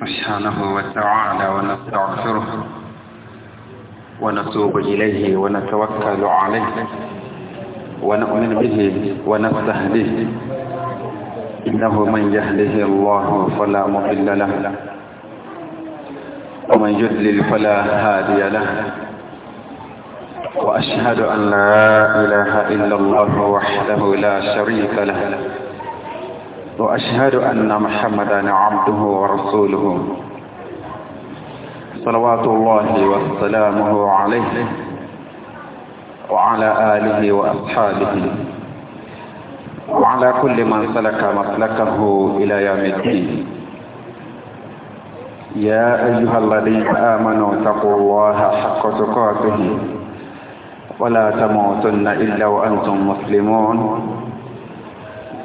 سبحانه وتعالى ونستغفره ونتوب إليه ونتوكل عليه ونؤمن به ونستهديه إنه من يهده الله فلا مضل له ومن يضلل فلا هادي له وأشهد أن لا إله إلا الله وحده لا شريك له وأشهد أن محمدا عبده ورسوله صلوات الله وسلامه عليه وعلى آله وأصحابه وعلى كل من سلك مسلكه إلى يوم الدين يا أيها الذين آمنوا اتقوا الله حق تقاته ولا تموتن إلا وأنتم مسلمون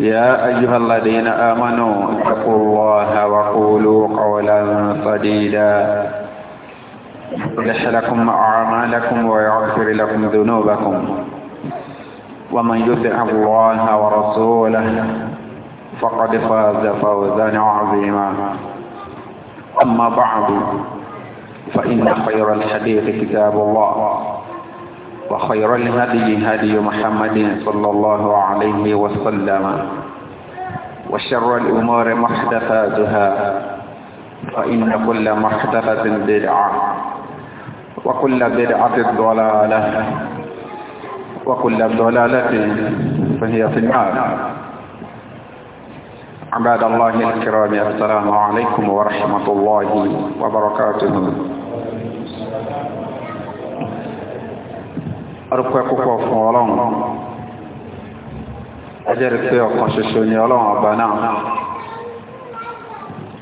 يا أيها الذين آمنوا اتقوا الله وقولوا قولا صديدا يصلح لكم أعمالكم ويغفر لكم ذنوبكم ومن يطع الله ورسوله فقد فاز فوزا عظيما أما بعد فإن خير الحديث كتاب الله وخير الهدي هدي محمد صلى الله عليه وسلم وشر الأمور محدثاتها فإن كل محدثة بدعة وكل بدعة ضلالة وكل ضلالة فهي في النار عباد الله الكرام السلام عليكم ورحمة الله وبركاته ọdúpẹ́ púpọ̀ fún pé ṣoṣo ni ọlọ́run ọba náà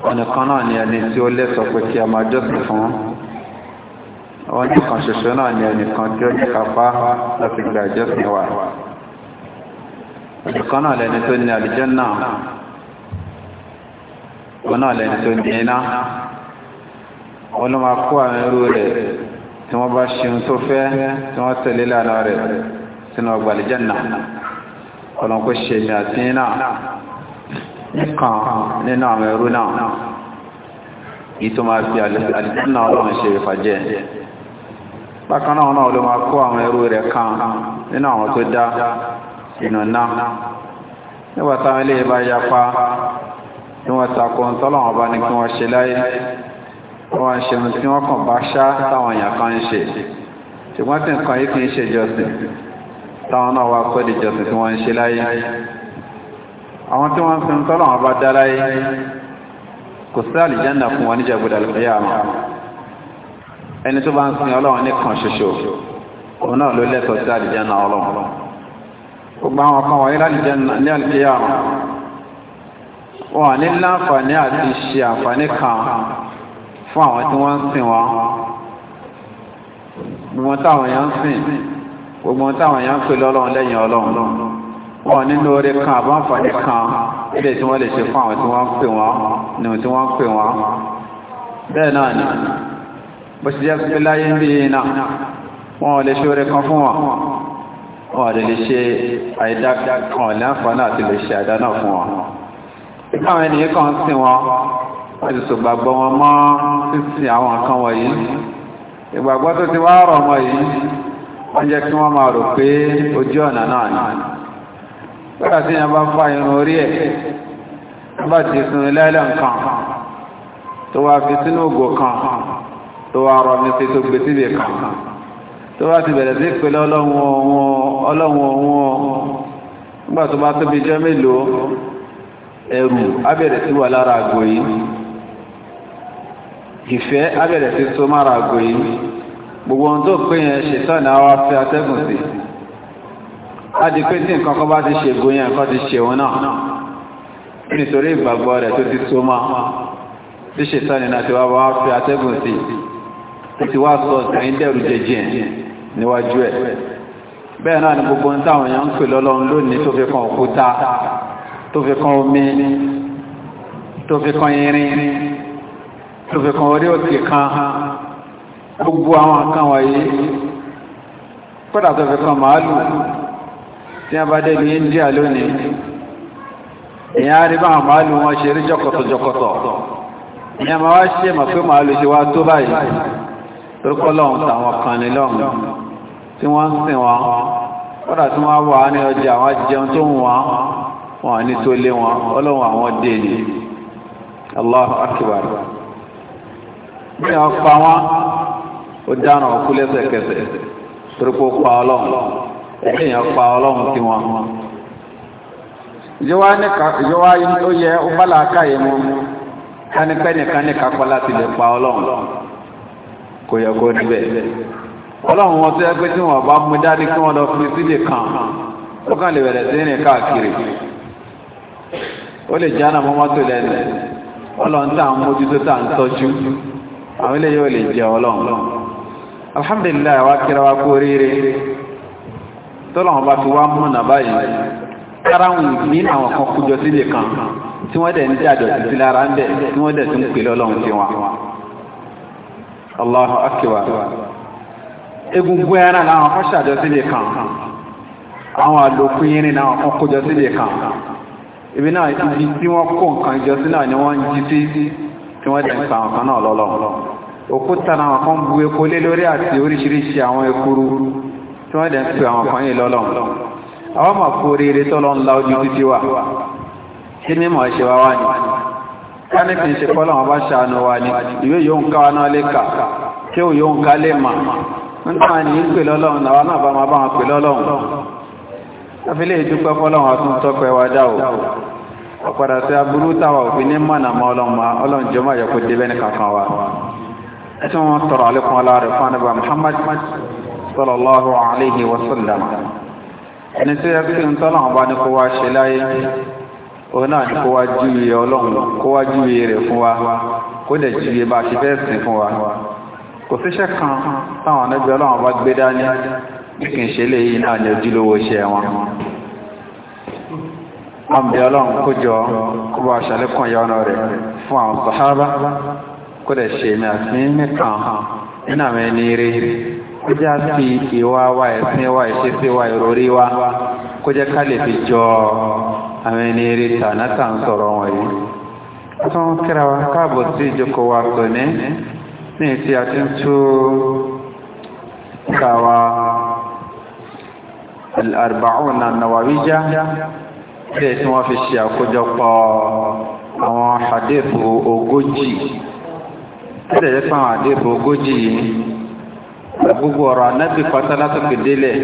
ọnìkan náà ni ẹni tí ó lẹ́sọ̀ pé kí a máa fún ọ̀nìkan ṣoṣo náà ni ẹnìkan tí ó ní kápá láti gba wa náà lẹni tó ní lẹni tó ní iná akó tí wọ́n bá ṣeun tó fẹ́ tí wọ́n tẹ̀lé lànà rẹ̀ sínú ọgbà àlìjẹ́nà ọlọ́nkó ṣe ní àti náà nìkan nínú àwọn ẹrú náà yìí tó máa fi àlìjẹ́nà ọlọ́run ṣe ìfàjẹ́ bákan náà náà ló máa kó àwọn ẹrú rẹ̀ kan nínú àwọn tó dá inú náà nígbà táwọn ilé ìbá yapa tí wọ́n takò ń tọ́lọ́wọ́n bá ní kí wọ́n ṣe láyé wọn ń ṣeun tí wọ́n kàn bá ṣá táwọn èèyàn kan ń ṣe ṣùgbọ́n tí nǹkan yìí kì í ṣe jọsìn táwọn náà wá pẹ́ di jọsìn tí wọ́n ń ṣe láyé àwọn tí wọ́n ń sin tọ́lọ̀ wọn bá dá láyé kò sí àlìjánà fún wọn níjà gbọdọ̀ lóyà wọn ẹni tó bá ń sin ọlọ́run nìkan ṣoṣo òun náà ló lẹ́tọ̀ọ́ sí àlìjánà ọlọ́run gbogbo àwọn kan wọ̀nyí fún àwọn tí wọ́n ń sìn wọn gbogbo táwọn èèyàn ń sìn gbogbo táwọn èèyàn ń pè lọ́lọ́run lẹ́yìn ọlọ́run wọn nínú oore kan àbáǹfààní kan ilé tí wọ́n lè ṣe fún àwọn tí wọ́n ń pè wọ́n nù tí wọ́n ń pè wọ́n bẹ́ẹ̀ náà ni bó ṣe jẹ́ pé láyé ń bí iná wọn ò lè ṣe oore kan fún wọn wọn ò lè ṣe àìdá kan ò àǹfààní àti lè ṣe àìdá náà fún wọn. ìkáwọn ènìyàn kan ń sìn wọn wọ́n ti sògbàgbọ́ wọn mọ́ títí àwọn nǹkan wọ̀nyí ìgbàgbọ́ tó ti wá rọ̀ mọ́ yìí wọ́n jẹ́ kí wọ́n máa rò pé ojú ọ̀nà náà ni pẹ́lá tí yẹn bá fá irun orí ẹ̀ bá ti sun ilẹ́lẹ̀ nǹkan tó wá fi sínú ògò kan tó wá rọ mi sí tó gbé síbi kan tó wá ti bẹ̀rẹ̀ sí ìpele ọlọ́run ọ̀hún nígbà tó bá tóbi jẹ́ mélòó ẹ̀rù á bẹ̀rẹ̀ sí wà lára àgbò yìí Ife abẹ̀rẹ̀ ti so mara àgò gbogbo ohun tó pé yẹn ṣètàn náà wá fẹ́ atẹ́gùn sí á pé tí nǹkan ti ṣègùn yẹn kan ti ṣèwọ́n náà nítorí ìgbàgbọ́ rẹ̀ tó ti so máa tí ṣètàn náà atẹ́gùn sí ti wá sọ ọ̀sìn dẹ̀rù jẹjẹ níwájú ẹ̀ bẹ́ẹ̀ náà ni gbogbo ohun táwọn èèyàn ń pè lọ́lọ́run lónìí tó fi kan òkúta tó lókè kan orí òkè kan gbogbo àwọn nǹkan wọ̀nyí kódà tó kan màálù tí a bá dé ní India lónìí ìyá á rí màálù wọn ṣe rí jọkọtọjọkọtọ ìyá ma wá ṣe mọ̀ pé màálù ṣe wá tó báyìí lórúkọ kan ní tí wọ́n ń sìn wọn tí wọ́n wà ní ọjà àwọn jẹun tó ń wọn wọn ní tó lé bí wọn pa wọ́n ó dáná ọkú lẹ́sẹ̀kẹsẹ̀ torípò pa ọlọ́run èèyàn pa ọlọ́run tí wọn ìjọba ó yẹ ó bá làákà ní kápá láti lè pa ọlọ́run kò yẹ kó níbẹ̀. wọn tó yẹ pé tí bá mú dání kí lọ fi kan ó kàn lè bẹ̀rẹ̀ sí káàkiri ó lè jẹ́ àná mọ́mọ́tò lẹ́nu ọlọ́run tá à ń mójútó tá à ń àwọn ilé yóò lè jẹ ọlọ́run alhamdulillah wa kíra wa kó rere tọ́lọ̀wọ́n bá fi wá múnà báyìí káráhùn ní àwọn kan kújọ sílé kan tí wọ́n dẹ̀ ń jàjọ̀ títí lára ń bẹ̀ tí wọ́n dẹ̀ tún pè lọ́lọ́run na kan tí wọ́n tí wọ́n dẹ̀ ń pa àwọn kan náà lọ́lọ́ òkúta náà kan bu epo lé lórí àti oríṣiríṣi àwọn ekuru tí wọ́n dẹ̀ ń pe àwọn kan yìí lọ́lọ́ àwọn ọmọ kó rere tọ́lọ́ ńlá ojú títí wa kí ni mọ̀ ṣe wá wá ni ká ní kì í ṣe kọ́lọ̀ wọn bá ṣàánú wa ni ìwé yóò ń ká wa náà lé kà kí òun yóò ń ká lè mà nígbà ní í pè lọ́lọ́run làwọn náà bá máa bá wọn pè lọ́lọ́run láfi lè dúpẹ́ fọ́lọ́run àtúntọ́pẹ́ wa dá o ọ̀padà sí aburú táwa òfin ní mọ̀nà mọ́ ọlọ́mọ ọlọ́njọ́mọ́ yẹ kó débẹ́ ní kankan wa ẹ̀sìn wọn tọrọ àlékún ọlọ́rẹ̀ fún anábà Muhammad sallallahu alayhi wa sallam ẹni tí yẹ kí n tọ́lọ̀ ọba ní kó wá ṣe láyé òun náà ní kó wá júwe ọlọ́run kó wá júwe rẹ̀ fún wa kó dẹ̀ júwe bá a ṣe fẹ́ sìn fún wa kò síṣẹ́ kan táwọn anábì ọlọ́run bá gbé dání kí n ṣe léyìí náà ní ojúlówó iṣẹ́ wọn àmì ọlọ́run kó jọ kó bá aṣàlékún ìyọ́nà rẹ̀ fún àwọn sàhábà kó lè ṣe èmi àti nìkan nínú àwọn ẹni rí kó jẹ́ àti ìwà wa ẹ̀sìn wa ìṣesí wa ìròrí wa kó jẹ́ ká lè fi jọ àwọn ẹni rí tànátà ń sọ̀rọ̀ wọ̀nyí. tó ń kíra wa káàbọ̀ sí ìjókòó wa tòní ní ìtì àti tú ká wa al-arba'una nawawija ilé tí wọ́n fi ṣe àkójọpọ̀ àwọn àdébò ogójì ilé tí wọ́n àdébò ogójì yìí gbogbo ọ̀rọ̀ anábì pátá délẹ̀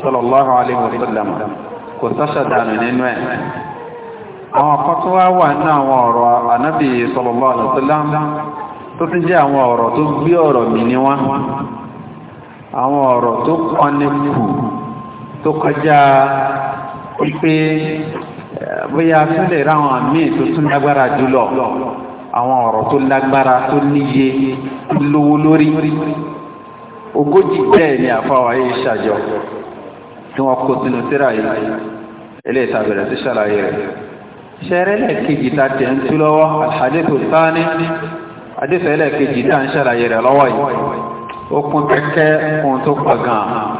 sallallahu alaihi wasallam kò sáṣà dànù nínú ẹ̀ àwọn kan ọ̀rọ̀ sallallahu wasallam tó ti jẹ́ àwọn ọ̀rọ̀ tó gbé ní kù tó kọjá wípé bóyá tún lè ráwọn àmì tó tún lágbára jùlọ àwọn ọ̀rọ̀ tó lágbára tó níye lówó lórí ogójì bẹ́ẹ̀ ni àfáwà yìí ṣàjọ tí wọ́n kó sínú síra yìí eléyìí tàbẹ̀rẹ̀ sí ṣàlàyé rẹ̀ ṣẹ́rẹ́ lẹ́ẹ̀kejì ta tẹ̀ ń tú lọ́wọ́ àdékò sáání àdékò ẹlẹ́ẹ̀kejì tá ń ṣàlàyé rẹ̀ lọ́wọ́ yìí ó kún kẹ́kẹ́ ohun tó pọ̀ gan-an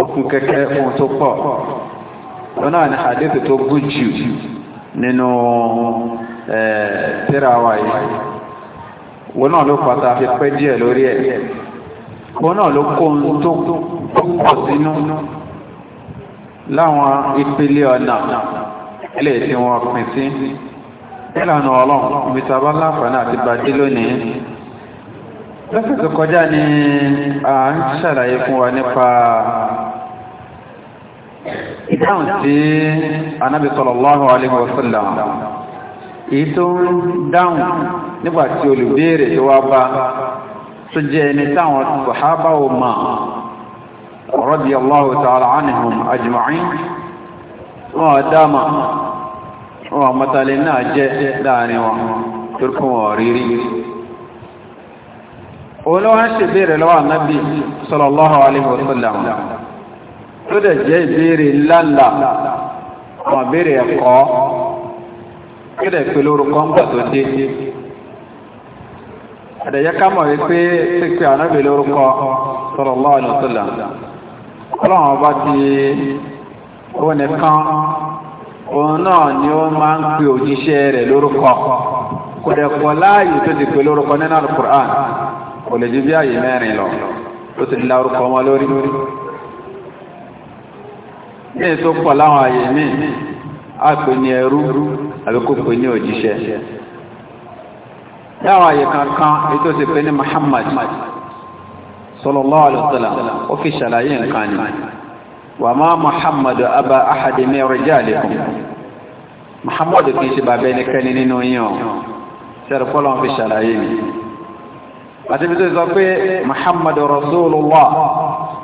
ó kún kẹ́kẹ́ ohun tó pọ̀ wọn náà ní hadith tó gùn jù nínú tírà wa yìí wọn náà ló fata fi pẹ́ díẹ̀ lórí ẹ̀ wọn náà ló kó ohun tó pọ̀ sínú láwọn ìpele ọ̀nà ilé tí wọ́n pín sí ìlànà ọlọ́run mr baláfàánà àti bàdí lónìí lọ́sẹ̀ tó kọjá ni à ń ṣàlàyé fún wa nípa ìdáhùn tí anábì sallallahu alaihi wasallam èyí tó ń dáhùn nígbàtí olùbéèrè tó wá bá tó jẹ́ ẹni táwọn sàhábà ò mọ̀ radiyallahu ta'ala anhum ajma'in wọ́n dáma wọ́n mọ́tàlẹ̀ náà jẹ́ láàrin wọn turkun tó dẹ̀ jẹ́ ìbéèrè ńláńlá àwọn ìbéèrè ẹ̀kọ́ tó dẹ̀ pé lórúkọ ń gbà tó dé àdẹ̀yẹ ká mọ̀ wípé pípé ànábì lórúkọ sallallahu alaihi wasallam ọlọ́run ọba ti ó nìkan òun náà ni ó máa ń pe òjíṣẹ́ rẹ̀ lórúkọ kò dẹ̀ pọ̀ láàyè tó ti pe lórúkọ nínú al kò lè ju bí àyè mẹ́rin lọ ó ti la orúkọ wọn lórí lórí ní ètò pọ̀ láwọn àyè míì a pè ní ẹrú àbí kò pè ní òjíṣẹ́ láwọn àyè kankan ètò ti pè ní Muhammad sallallahu alaihi wasallam ó fi ṣàlàyé nǹkan ni wà máa Muhammad abá ahadi min rijalikum Muhammad kì í ṣe bàbá ẹnikẹ́ni nínú yín àti bí tó sọ pé Muhammad rasulullah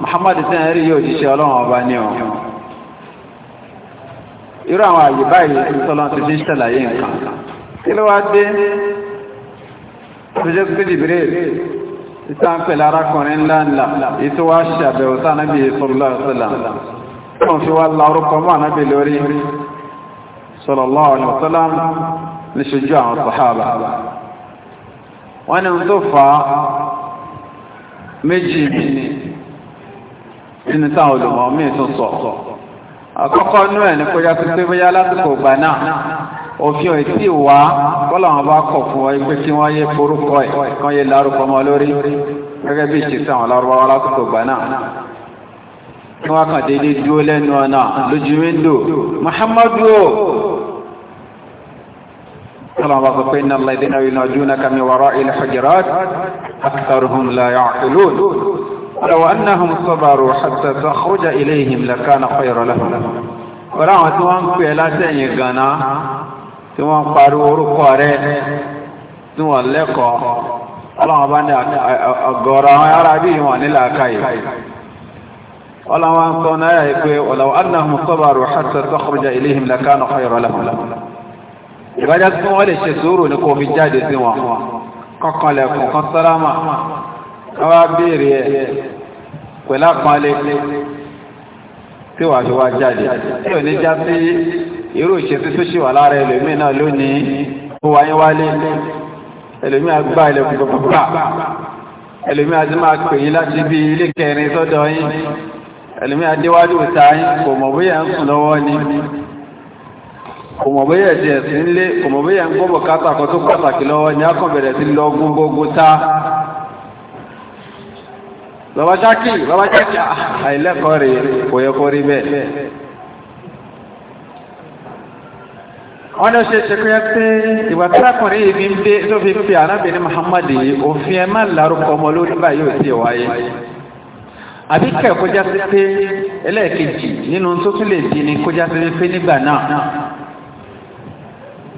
Muhammad sẹ́yìn rí yóò jíṣẹ́ ọlọ́run ọba ní o irú àwọn àyè báyìí tọ́lọ́ ti fi ń ṣàlàyé nǹkan kí ló wá dé ṣe pé jìbìrì ìtàn pẹ̀lú arákùnrin ńlá ńlá ètò wá ṣàbẹ̀wò sánàbí sọ̀rọ̀lá ọ̀sọ̀lá wọ́n fi wá lárúkọ mọ́ ànábì lórí sọ̀rọ̀lá ọ̀sọ̀lá ní àkọ́kọ́ nú ẹ̀ ní kó yá pípé bóyá lásìkò ìgbà náà òfin ò tí wá bọ́lọ̀wọ́n bá kọ̀ fún ọ pé kí wọ́n yé forúkọ ẹ̀ kán yé lárúkọ mọ́ lórí gẹ́gẹ́ bí ìṣesí àwọn lárúbáwá lásìkò ìgbà náà لو أنهم صبروا حتى تخرج إليهم لكان خير لهم ورعوا توان في لا تنيقنا توان قارو رقاري توان لقا الله بني أقرا عربي وان لا كاي الله وان صنع يقول ولو أنهم صبروا حتى تخرج إليهم لكان خير لهم إذا جاءت سوالي الشسور نكو في الجادة سوا ققلكم قصرامة wọn wá béèrè ẹ pẹ̀lú àpọ́nlé tí wàá fi jáde tí ò ní já sí irú tó ṣì lára ẹlòmíì náà lónìí ó wáyé wálé ẹlòmíì àgbà ilẹ̀kùn pàpàpà a àti máa pè yín láti bí ilé kẹrin sọ́dọ̀ yín ìta yín kò mọ̀ bóyá ń sùn lọ́wọ́ ni kò mọ̀ bóyá ẹ̀sìn kò mọ̀ bóyá ń bàbá jákì bàbá jákì àìlẹ́kọ̀ọ́ rè kò yẹ kó rí bẹ́ẹ̀. wọ́n ní ó ṣe ṣekú yẹ pé ìwà tákùnrin yìí fi ń dé tó fi fi arábìnrin Muhammad yìí òfin ẹ̀ má larúkọ ọmọ lórí báyìí ò tí ì wáyé àbí kẹ̀ kó sí pé ẹlẹ́ẹ̀kejì nínú tó tún lè di ni kó já sí pé nígbà náà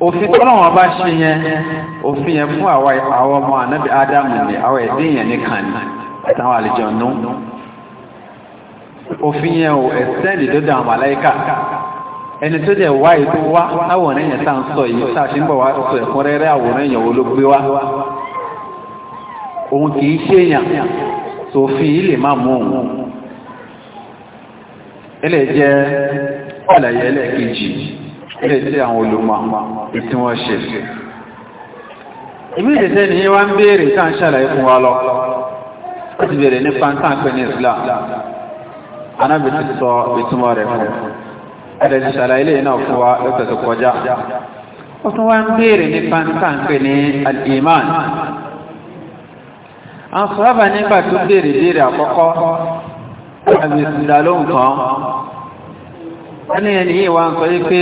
òfin tọ́lọ́wọ́n bá ṣe yẹn òfin yẹn fún àwa ọmọ ànábì Ádámù ni àwọn ẹ̀dín yẹn nìkan ni àtàwọn àlejànú òfin yẹn ò ẹ̀sẹ́ndì dọ́dọ̀ àwọn màláíkà ẹni tó jẹ́ wáyé tó wá àwòrán èèyàn tá à ń sọ yìí tá a ṣe ń bọ̀ wá sọ ẹ̀kúnrẹ́rẹ́ àwòrán èèyàn wo ló gbé wá òun kì í ṣèèyàn sòfin yìí lè má mú òun ilé jẹ́ ọ̀làyé ẹlẹ́ẹ̀kejì ilé tí àwọn olùmọ̀ tí wọ́n ṣe ìbí ìdẹ́sẹ́ nìyí wá ń béèrè tá ń ṣàlàyé fún wa lọ ó ti bèrè ní pàǹtà pé ní Islam anábì ti sọ ìtumọ̀ rẹ̀ fún ẹ̀rẹ̀ ti ṣàlàyé lè náà fún wa lọ́sẹ̀ tó kọjá ó tún wá ń bèrè ní pàǹtà pé ní al-iman àwọn sọ́ọ́bà nígbà tó bèrè bèrè àkọ́kọ́ àbí ìsìdá ló ń kàn ẹni ẹni yìí wá ń sọ yí pé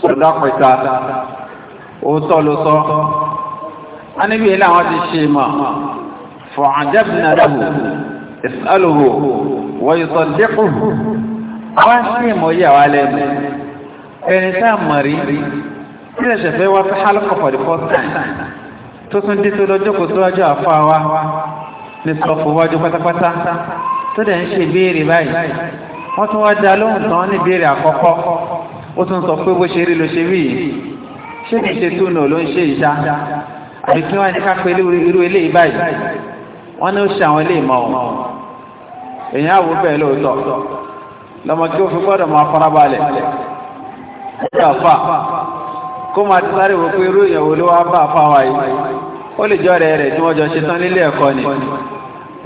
sọ̀dọ́ pẹ̀ta òótọ́ ló sọ á níbi ilé àwọn ti ṣe mọ̀ فعجبنا له اسأله ويصدقه واسم ويعلم انسان مريض ilẹ̀ ṣẹ̀fẹ́ wá sí hálùkọ̀ for the first time tó tún dé tó lọ́jọ́ kò tó lọ́jọ́ àfọ́ àwa ní sọ́fù wájú pátápátá tó dẹ̀ ń ṣe ìbéèrè báyìí wọ́n tún wá dá lóhùn tán ní ìbéèrè àkọ́kọ́ ó tún sọ pé bó ṣe rí ló ṣe rí yìí ṣé kìí ṣe túnú ló ń ṣe ìṣá àbí kí wọ́n ní ká pé irú eléyìí báyìí wọ́n ní ó ṣe àwọn ilé ìmọ̀ ọ èyàn àwò bẹ́ẹ̀ lóòótọ́ lọ́mọ kí ó fi gbọ́dọ̀ máa farabalẹ̀ ọjọ́ kó máa ti sáré wò pé irú ìyàwó ló wá bá àfà yìí ó lè jọ rẹ̀ rẹ̀ tí jọ ṣe tán nílé ni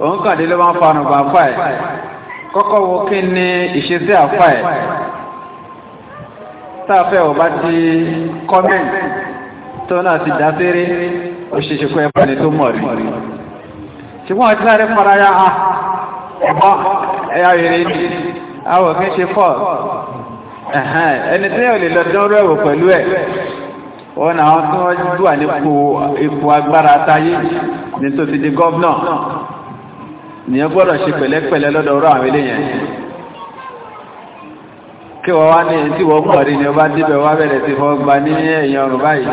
òun kàn dé ló máa ń gbà wo kí ni ìṣesí àfà ti tó náà ti dá séré bá ní tó rí. ṣùgbọ́n ọtí láti fara ya ha ah, ọ̀bọ ẹ̀yà rere ni àwọn kì í ṣe fọ́ ẹni tí yóò lè lọ dán rú ẹ̀wò pẹ̀lú ẹ̀ wọn náà tí wọ́n dùn àníkù ipò agbára táyé ní tó ti di gọ́vnà nìyẹn gbọ́dọ̀ ṣe pẹ̀lẹ́pẹ̀lẹ́ lọ́dọ̀ ọ̀rọ̀ àwọn eléyẹn kí wọ́n wá ní tí wọ́n pọ̀ rí ni wọ́n bá débẹ̀ wá bẹ̀rẹ̀ sí fọ́ gba ní ẹ̀yìn ọ̀rùn báyìí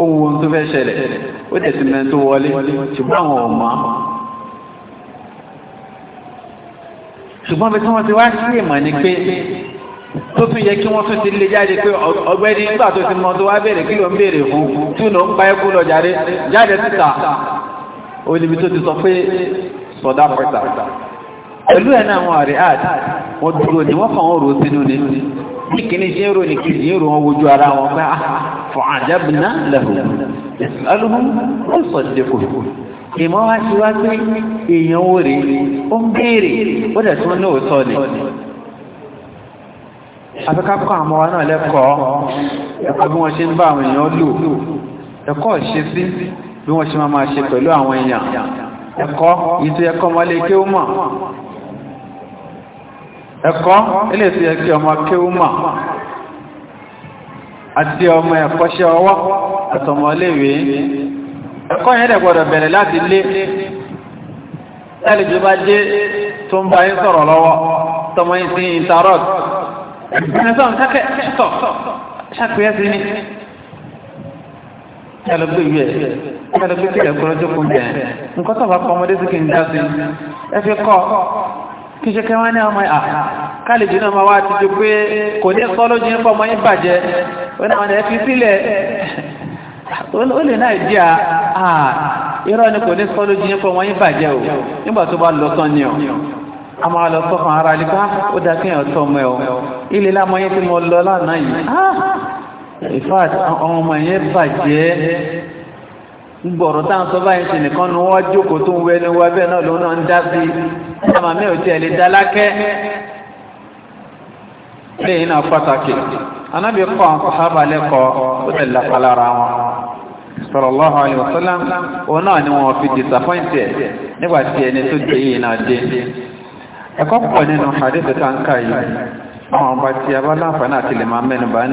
ohun ohun tó fẹ́ ṣẹlẹ̀ ó tẹ̀sí mẹ́rin tó wọlé ṣùgbọ́n àwọn ọ̀mọ́ ṣùgbọ́n bí wọ́n ti wá sí ìmọ̀ ni pé tó tún yẹ kí wọ́n tún ti lè jáde pé ọ̀gbẹ́ni nígbà tó ti mọ tó wá bẹ̀rẹ̀ kí ló ń bèèrè fún tún ló ń pa ẹkú lọ jáde jáde síta ó tó ti sọ pé sọ̀dá pẹ̀tà pẹ̀lú ẹ̀ náà wọn àrí àd wọn dúró ni wọ́n fà rò sínú ni bí kìíní ṣe ń ro ní kìíní ń ro wọn wojú ara wọn pé fọ àjábìnà lẹ́hùn alùpùpù ó sọ ti kù ìmọ̀ wá sí wá pé èèyàn ó rèé ó ń béèrè ó dẹ̀ tún ní òótọ́ ni àfi àwọn ọmọ náà lẹ́kọ̀ọ́ ẹ̀kọ́ bí wọ́n ṣe ń bá àwọn èèyàn lò ẹ̀kọ́ ṣe sí bí wọ́n ṣe máa máa ṣe pẹ̀lú àwọn èèyàn ẹ̀kọ́ ìtò ẹ̀kọ́ ọmọlé ó mọ̀ ẹ̀kọ́ ilé tí ẹ̀kí ọmọ kéwú mà àti ọmọ ẹ̀kọ́ṣẹ́ ọwọ́ àtọmọ léèwé ẹ̀kọ́ yẹn dẹ̀ gbọ́dọ̀ bẹ̀rẹ̀ láti lé ẹlẹ́jọ́ bá dé tó ń bá yín sọ̀rọ̀ lọ́wọ́ tọmọ yín sí interrot ẹ̀sán kẹ́kẹ́ kọ kí ṣe kẹwàá ní ọmọ ìhà ah, kálìjì náà ma wá ti jù pé kò ní sọ́lójú ń fọmọ yín bàjẹ́ wọ́n náà ẹ̀ fi sílẹ̀ ó lè náà jí à ah, ah, irọ́ ni kò ní sọ́lójú ń fọmọ yín bàjẹ́ o nígbà tó bá lọ tán ni ọ a máa lọ sọ́kàn ara nípa ó dá kí ọ̀tọ́ ọmọ ẹ̀ gbọ̀rọ̀ tá à ń sọ báyìí ṣe nìkan ni wọ́n jókòó tó ń wẹ ní wọ́n bẹ́ẹ̀ náà ló náà ń dá sí i àmà mi ò tiẹ̀ lè dá lákẹ́. lẹ́yìn náà pàtàkì anábì kọ́ àwọn lẹ́kọ̀ọ́ ó lè lápalára wọn. sallallahu alaihi wasallam òun náà ni wọ́n fi disappointe ẹ̀ nígbà tí ẹni tó dé yìí náà dé. ẹ̀kọ́ pọ̀ nínú hadith tá ń kà yìí àwọn ọba tí a bá láǹfààní àti lè máa mẹ́nu bá ẹ̀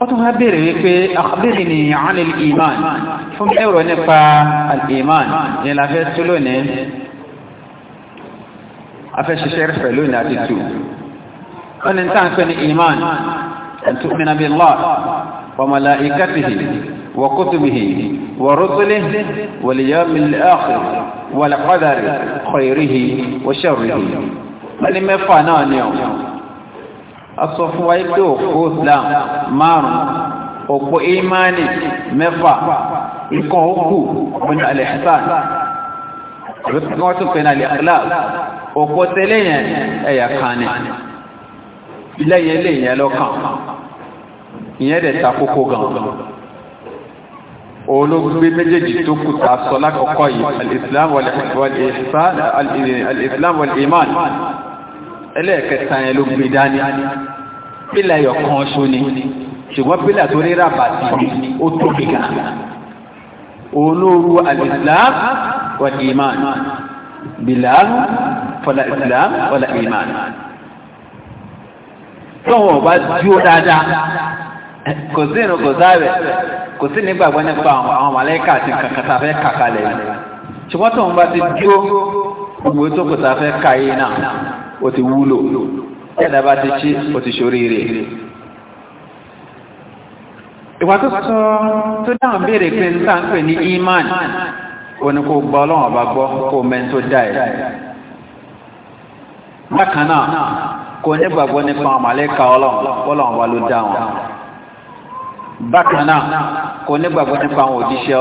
ó tún wá bèèrè wípé àkàbèrè ni àwọn ìmán fún ẹ̀rọ nípa al'iman ní láfẹ́ tó lónìí afẹ́ṣiṣẹ́ rẹ̀ lónìí àti tù wọ́n ni tá ń pẹ́ ní ìmán tu'mina billah wa malaikatihi wa kutubihi wa rusulihi asọ fún wa pé òpó islam márùn òpó imani mẹ́fà ikọ̀ òkú ọmọdé alẹ́sàn wọ́n tún pè ní alẹ́kìlá òpó tẹ́lẹ̀ yẹn ẹ̀yà kan ní lẹ́yìn lè yẹn lọ́kàn ìyẹn dẹ̀ ta kókó gan olóògbé méjèèjì tó kù sọ lákọ̀ọ́kọ́ yìí alìsìláàmù wal wal-iman ẹlẹ́ẹ̀kẹta yẹn ló gbé dání pílà ẹyọ kan ṣo ni ṣùgbọ́n pílà tó rírà bàtì ó tóbi gan òun ló ru al-Islam wal-Iman bilal fala Islam wala iman tọ́wọ́ bá dúró dáadáa kò sí inú kò sáré kò sí nígbàgbọ́ nípa àwọn màláíkà àti kàkàtà fẹ́ kàkàlẹ̀ ṣùgbọ́n tọ́wọ́ bá ti dúró gbogbo tó kò sáré káyé náà. ó ti wúlò ẹ̀dá bá ti ṣí ó ti ṣoríire ìwà tó sọ tó dáhùn béèrè pé ń tàn ní iman ó ní gbọ́ ọlọ́run ọba gbọ́ kó mẹ́ni tó dá ẹ̀ kò ní gbàgbọ́ nípa àwọn màlẹ́ka ló dá wọn kò ní gbàgbọ́ nípa àwọn òjíṣẹ́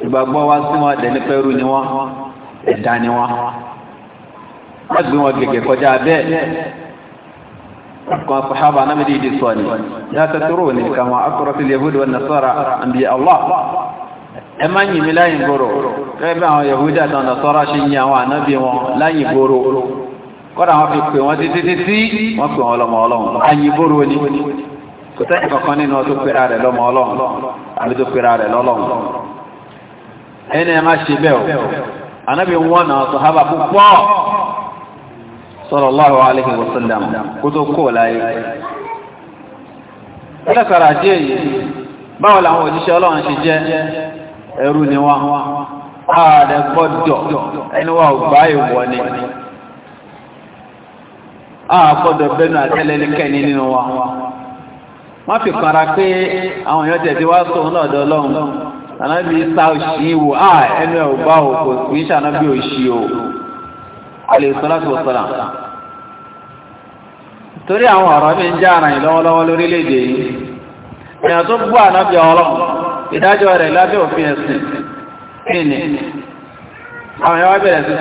ìgbàgbọ́ wọ́n gbé wọn gègé kọjá bẹ́ẹ̀ kan sahaba na midi di sọ ni ya ta turo ni kama akuratul yahud wa nasara anbiya allah ẹ má yìn mí láyìn gbòòrò kẹ́bẹ̀ àwọn yahudi àtàwọn nasara ṣe yìn àwọn ànábì wọn láyìn gbòòrò kọ́dà wọn fi pè wọn títí títí wọn pè wọn lọ́mọ ọlọ́run àyìn gbòòrò ni kò tẹ́ ìkọ̀kan nínú ọtún pera rẹ̀ lọ́mọ ọlọ́run àbí tó pera rẹ̀ lọ́lọ́run ẹni ẹ má ṣe bẹ́ẹ̀ o ànábì wọn náà sahaba sallallahu alaihi wa tó kó láyé ọlọ́kàrà àti èyí báwo làwọn òjíṣẹ́ ọlọ́run ṣe jẹ́ ẹrú ni ààrẹ gbọ́dọ̀ ẹni wà ògbà ìwọ ni àkọ́dọ̀ nínú wa wọ́n fi kànra pé àwọn èèyàn tẹ̀sí wá sá wò alaihissalatu wassalam torí àwọn ọ̀rọ̀ bí ń já ara yìí lọ́wọ́lọ́wọ́ lórílẹ̀-èdè yìí èèyàn tó gbọ́ ànábì ọlọ́run ìdájọ́ rẹ̀ lábẹ́ òfin ẹ̀sìn kíni àwọn ẹwà bẹ̀rẹ̀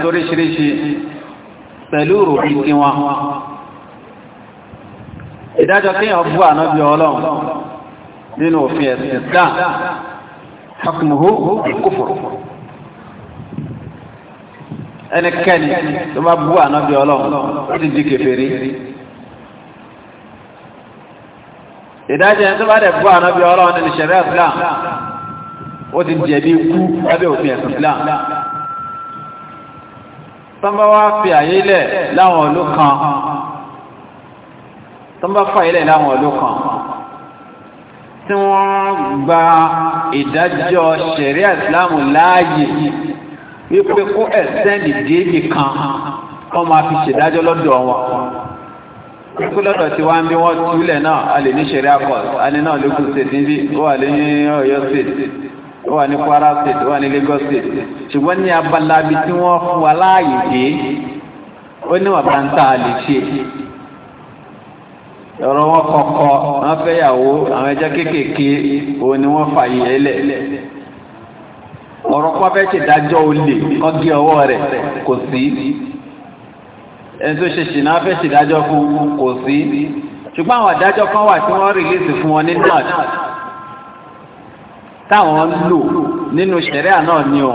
pẹ̀lú òròbí tí wọn ìdájọ́ kíyàn ẹnikẹ́ni tó bá bú ànábì ọlọ́run ó ti di kèfèrí ìdájọ́ ẹni tó bá dẹ̀ bú ànábì ọlọ́run nínú ṣẹ̀rẹ́ islam ó ti jẹ̀bi ikú lábẹ́ òfin ẹ̀sìn islam tọ́mbà wá fi àyè lẹ̀ láwọn ìlú kan tọ́mbà fà ilẹ̀ láwọn ìlú kan tí wọ́n gba ìdájọ́ ṣẹ̀rẹ́ islam láàyè wípé kó ẹ̀sẹ́ǹdì déèbì kan wọ́n máa fi ṣèdájọ́ lọ́dọ̀ wọn kókó lọ́dọ̀ tí wọ́n ń bí wọ́n túlẹ̀ náà a lè ní ṣẹ̀rí akọ́s a ní náà lókun state níbí ó wà ní Ọ̀yọ́ state ó wà ní Kwara state ó wà ní Lagos state ṣùgbọ́n ní abala bí tí wọ́n fún wa láàyè dé ó ní wà bàǹtà lè ṣe ọ̀rọ̀ wọn kọ̀ọ̀kọ̀ wọn fẹ́yàwó àwọn ẹja kéékèèké òun ni wọ́n fààyè ẹlẹ̀ ọ̀rọ̀ kọ́ fẹ́ ṣe dájọ́ olè kọ́gí ọwọ́ rẹ̀ kò sí ẹni tó ṣe ṣìnà fẹ́ ṣe dájọ́ fún kò sí ṣùgbọ́n àwọn àdájọ́ kan wà tí wọ́n rìlíìsì fún wọn ní náà táwọn ń lò nínú ṣẹ̀ríà náà ni ọ̀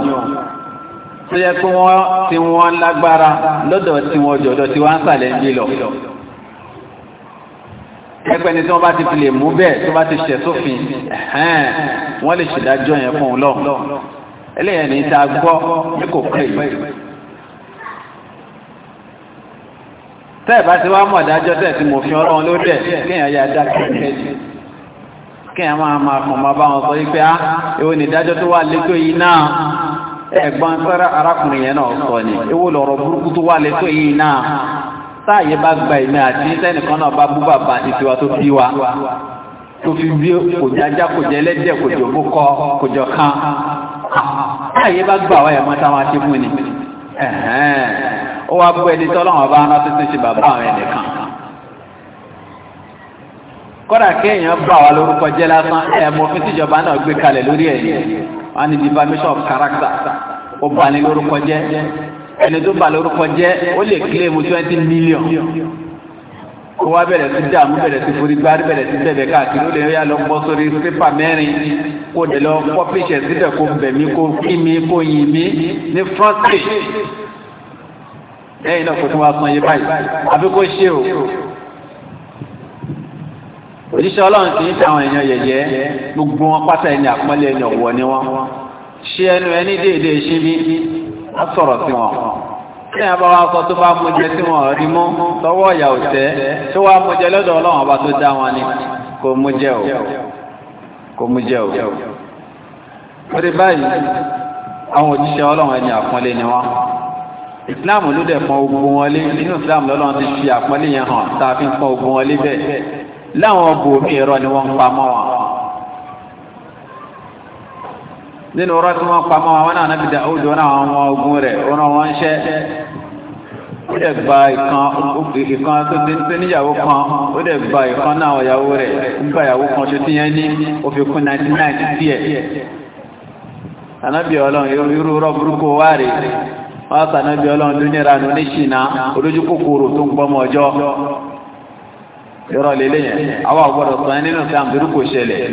tó yẹ pé wọ́n ti wọ́n lágbára lọ́dọ̀ tí wọ́n jọ̀dọ̀ tí wọ́n ń sàlẹ̀ ń gbé lọ ẹgbẹ́ ni tí wọ́n bá ti fi lè mú bẹ́ẹ̀ tó bá ti ṣẹ̀ sófin wọ́n lè ṣèdájọ́ yẹn fún un lọ́wọ́ eléyàn ní ta gbọ́ ní kò pé tẹ́ẹ̀ bá ti wá mọ̀ dájọ́ tẹ́ẹ̀ tí mo fi ọlọ́run ló dẹ̀ kéèyàn ya dá kẹ́kẹ́ jù kéèyàn máa máa kàn máa bá wọn sọ wípé á ah, èwo ní dájọ́ tó wà létò yìí náà ẹ̀gbọ́n sára arákùnrin yẹn náà sọ ni èwo lọ̀rọ̀ burúkú tó wà létò yìí náà táàyè bá gba ìmẹ́ àti sẹ́nìkan náà bá bú bàbá àti tó fi wa tó fi bí kò jájá kò jẹ́ ẹlẹ́jẹ̀ kan láyé bá gbà wáyé mọ́ táwọn aṣe fún ni ó wá gbọ́ ẹni tọ́lọ́wọ́n bá rán tuntun ṣe bàbá àwọn ẹnìkan kódà kéèyàn bà wá lórúkọ jẹ́ lásán ẹ̀mọ́fin tíjọba náà gbé kalẹ̀ lórí ẹ̀yẹ wọn ni defamation of character ó bà ní lórúkọ jẹ́ ẹni tó bà lórúkọ jẹ́ ó lè kílèmù twenty million kó wá bẹ̀rẹ̀ sí dààmú bẹ̀rẹ̀ sí forí gbárí bẹ̀rẹ̀ sí bẹ̀bẹ̀ káàkiri ó lè yá lọ bọ́ sórí pépà mẹ́rin kó dẹ̀ lọ pọ́ pèsè síbẹ̀ kó bẹ̀ mí kó kí mi kó yin mi ní front page lẹ́yìn náà kò tún wá san iye báyìí àbí kó ṣe o òjíṣẹ́ ọlọ́run kì í ta àwọn èèyàn yẹ̀yẹ́ gbogbo wọn pátá ẹni àpọ́nlé ẹni ọ̀wọ́ ni wọ́n ṣe ẹnu ẹni déédéé ṣe bí wọ́n sọ̀rọ̀ sí wọn. tí a bá wá sọ tó bá mú jẹ tí wọ́n rí mọ́ tọwọ́ ìyà ò tó wá mú jẹ lọ́dọ̀ ọlọ́run ọba tó dá wọn ni kò mú jẹ ò kò mú jẹ ò lórí báyìí àwọn òjíṣẹ́ ọlọ́run ẹni àpọ́nlé ni wọ́n ìsìláàmù ló dẹ̀ ogun ìsìláàmù lọ́lọ́run ti fi àpọ́nlé yẹn hàn tá a fi ń ogun ni wọ́n ń wọn nínú tí wọ́n wọn náà ó o de gba ikan ìkan tó ti kan o de gba ikan náà ìyàwó rẹ̀ nígbà ìyàwó kan tó ti yẹn ní ó fi kún 99 díẹ̀ ànábì ọlọ́run irú rọ́ burúkú wá rè wọ́n sànábì ọlọ́run tó nira nù níṣìná olójú kòkòrò tó ń gbọ́mọ ọjọ́ lélẹ̀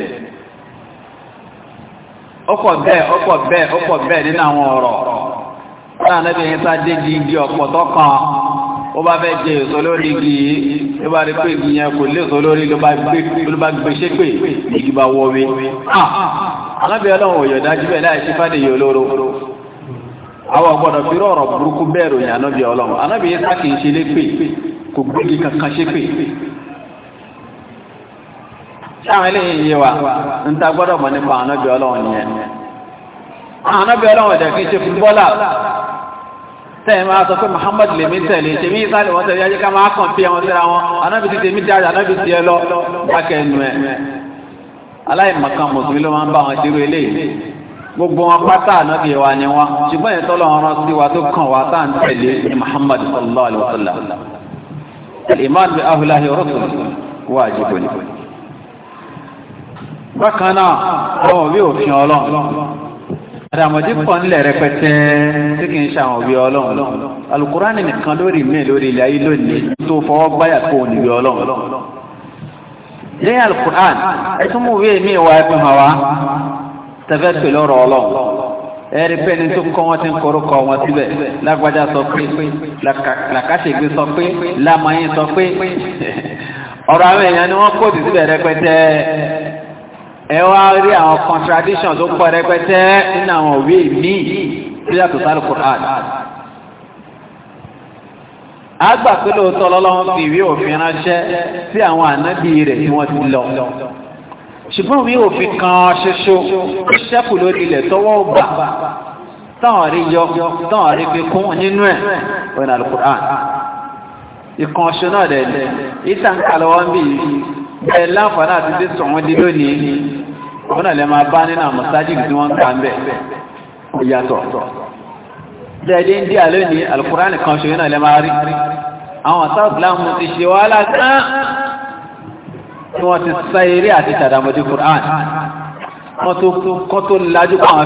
yẹn láàrin ẹbí yẹn sá dé di igi kan ó bá fẹ́ jẹ èso lórí igi yìí ló bá rí pé igi yẹn kò léso lórí ló bá gbé ṣépè igi bá ah! ọlọ́run láì fáde yìí olóró àwọn burúkú bẹ́ẹ̀ anábì ọlọ́run anábì yẹn sá kò kankan wa ta gbọ́dọ̀ mọ̀ nípa anábì ọlọ́run yẹn anábì tẹ́yìn máa sọ pé Muhammad lèmi tẹ̀lé ṣe mí ìsáàlẹ̀ wọ́n tẹ̀lé ayé ká máa kàn fi àwọn síra wọn anábì ti tèmi dáadáa anábì ti ẹ lọ bákẹ́ ẹnu ẹ aláìmọ̀kan mùsùlùmí ló máa ń bá wọn ṣerú eléyìí gbogbo wọn pátá ànábì wa ni wọn ṣùgbọ́n ìyẹn tọ́lọ́ wọn sí wa tó kàn wá tá ń tẹ̀lé ní Muhammad sallallahu alayhi wa sallam iman bi ahulahi rasul wa ajibu bákan náà wọn ò rí òfin Ọlọ́run àràmọ̀dé pọ̀ nílẹ̀ rẹpẹtẹ tí kì í ṣàwọn òwe ọlọ́run alukurani nìkan lórí mi lórí ilẹ̀ ayé lónìí tó fọwọ́ báyà kó o níwe ọlọ́run lẹ́yìn alukuran ẹtún mú wíyẹ mi wá ẹgbẹ́ hàn wá tẹ́fẹ́ pè lọ́rọ̀ ọlọ́run ẹ̀rí pé ní tó kọ́ ti ń korúkọ wọn síbẹ̀ lágbájá sọ pé làkàṣègbè sọ pé lámàyín sọ pé ọ̀rọ̀ àwọn èèyàn ni wọ́n kóòtù síbẹ̀ rẹpẹtẹ ẹ wá rí àwọn contradiction tó pọ̀ rẹpẹtẹ nínú àwọn òwe míì tó yàtọ̀ sáré Quran àgbà pé lóòótọ́ lọ́lọ́wọ́n fi ìwé òfin ránṣẹ́ sí àwọn ànábì rẹ̀ tí wọ́n ti lọ ṣùgbọ́n ìwé òfin kan ṣoṣo ṣẹ́kù lórí ilẹ̀ tọ́wọ́ gbà táwọn rí yọ táwọn rí fi kún nínú ẹ̀ ọ̀nà alukur'an ìkan ṣo náà rẹ̀ lẹ̀ ìtànkà lọ́wọ́ ń bì bẹ́ẹ̀ láǹfààní àti dé sọ̀wọ́n di lónìí wọ́n náà lẹ máa bá nínú àwọn sájìdì tí wọ́n ń kàn bẹ̀ ìyàtọ̀ dẹ́ẹ̀dẹ́ ń dí àlẹ́ ní alukùránì kan ṣe náà lẹ máa rí àwọn sáàbùláàmù ti ṣe wá látán tí wọ́n ti sá eré àti tàdàmọ́dé kùránì kọ́ tó lájú kọ́ àwọn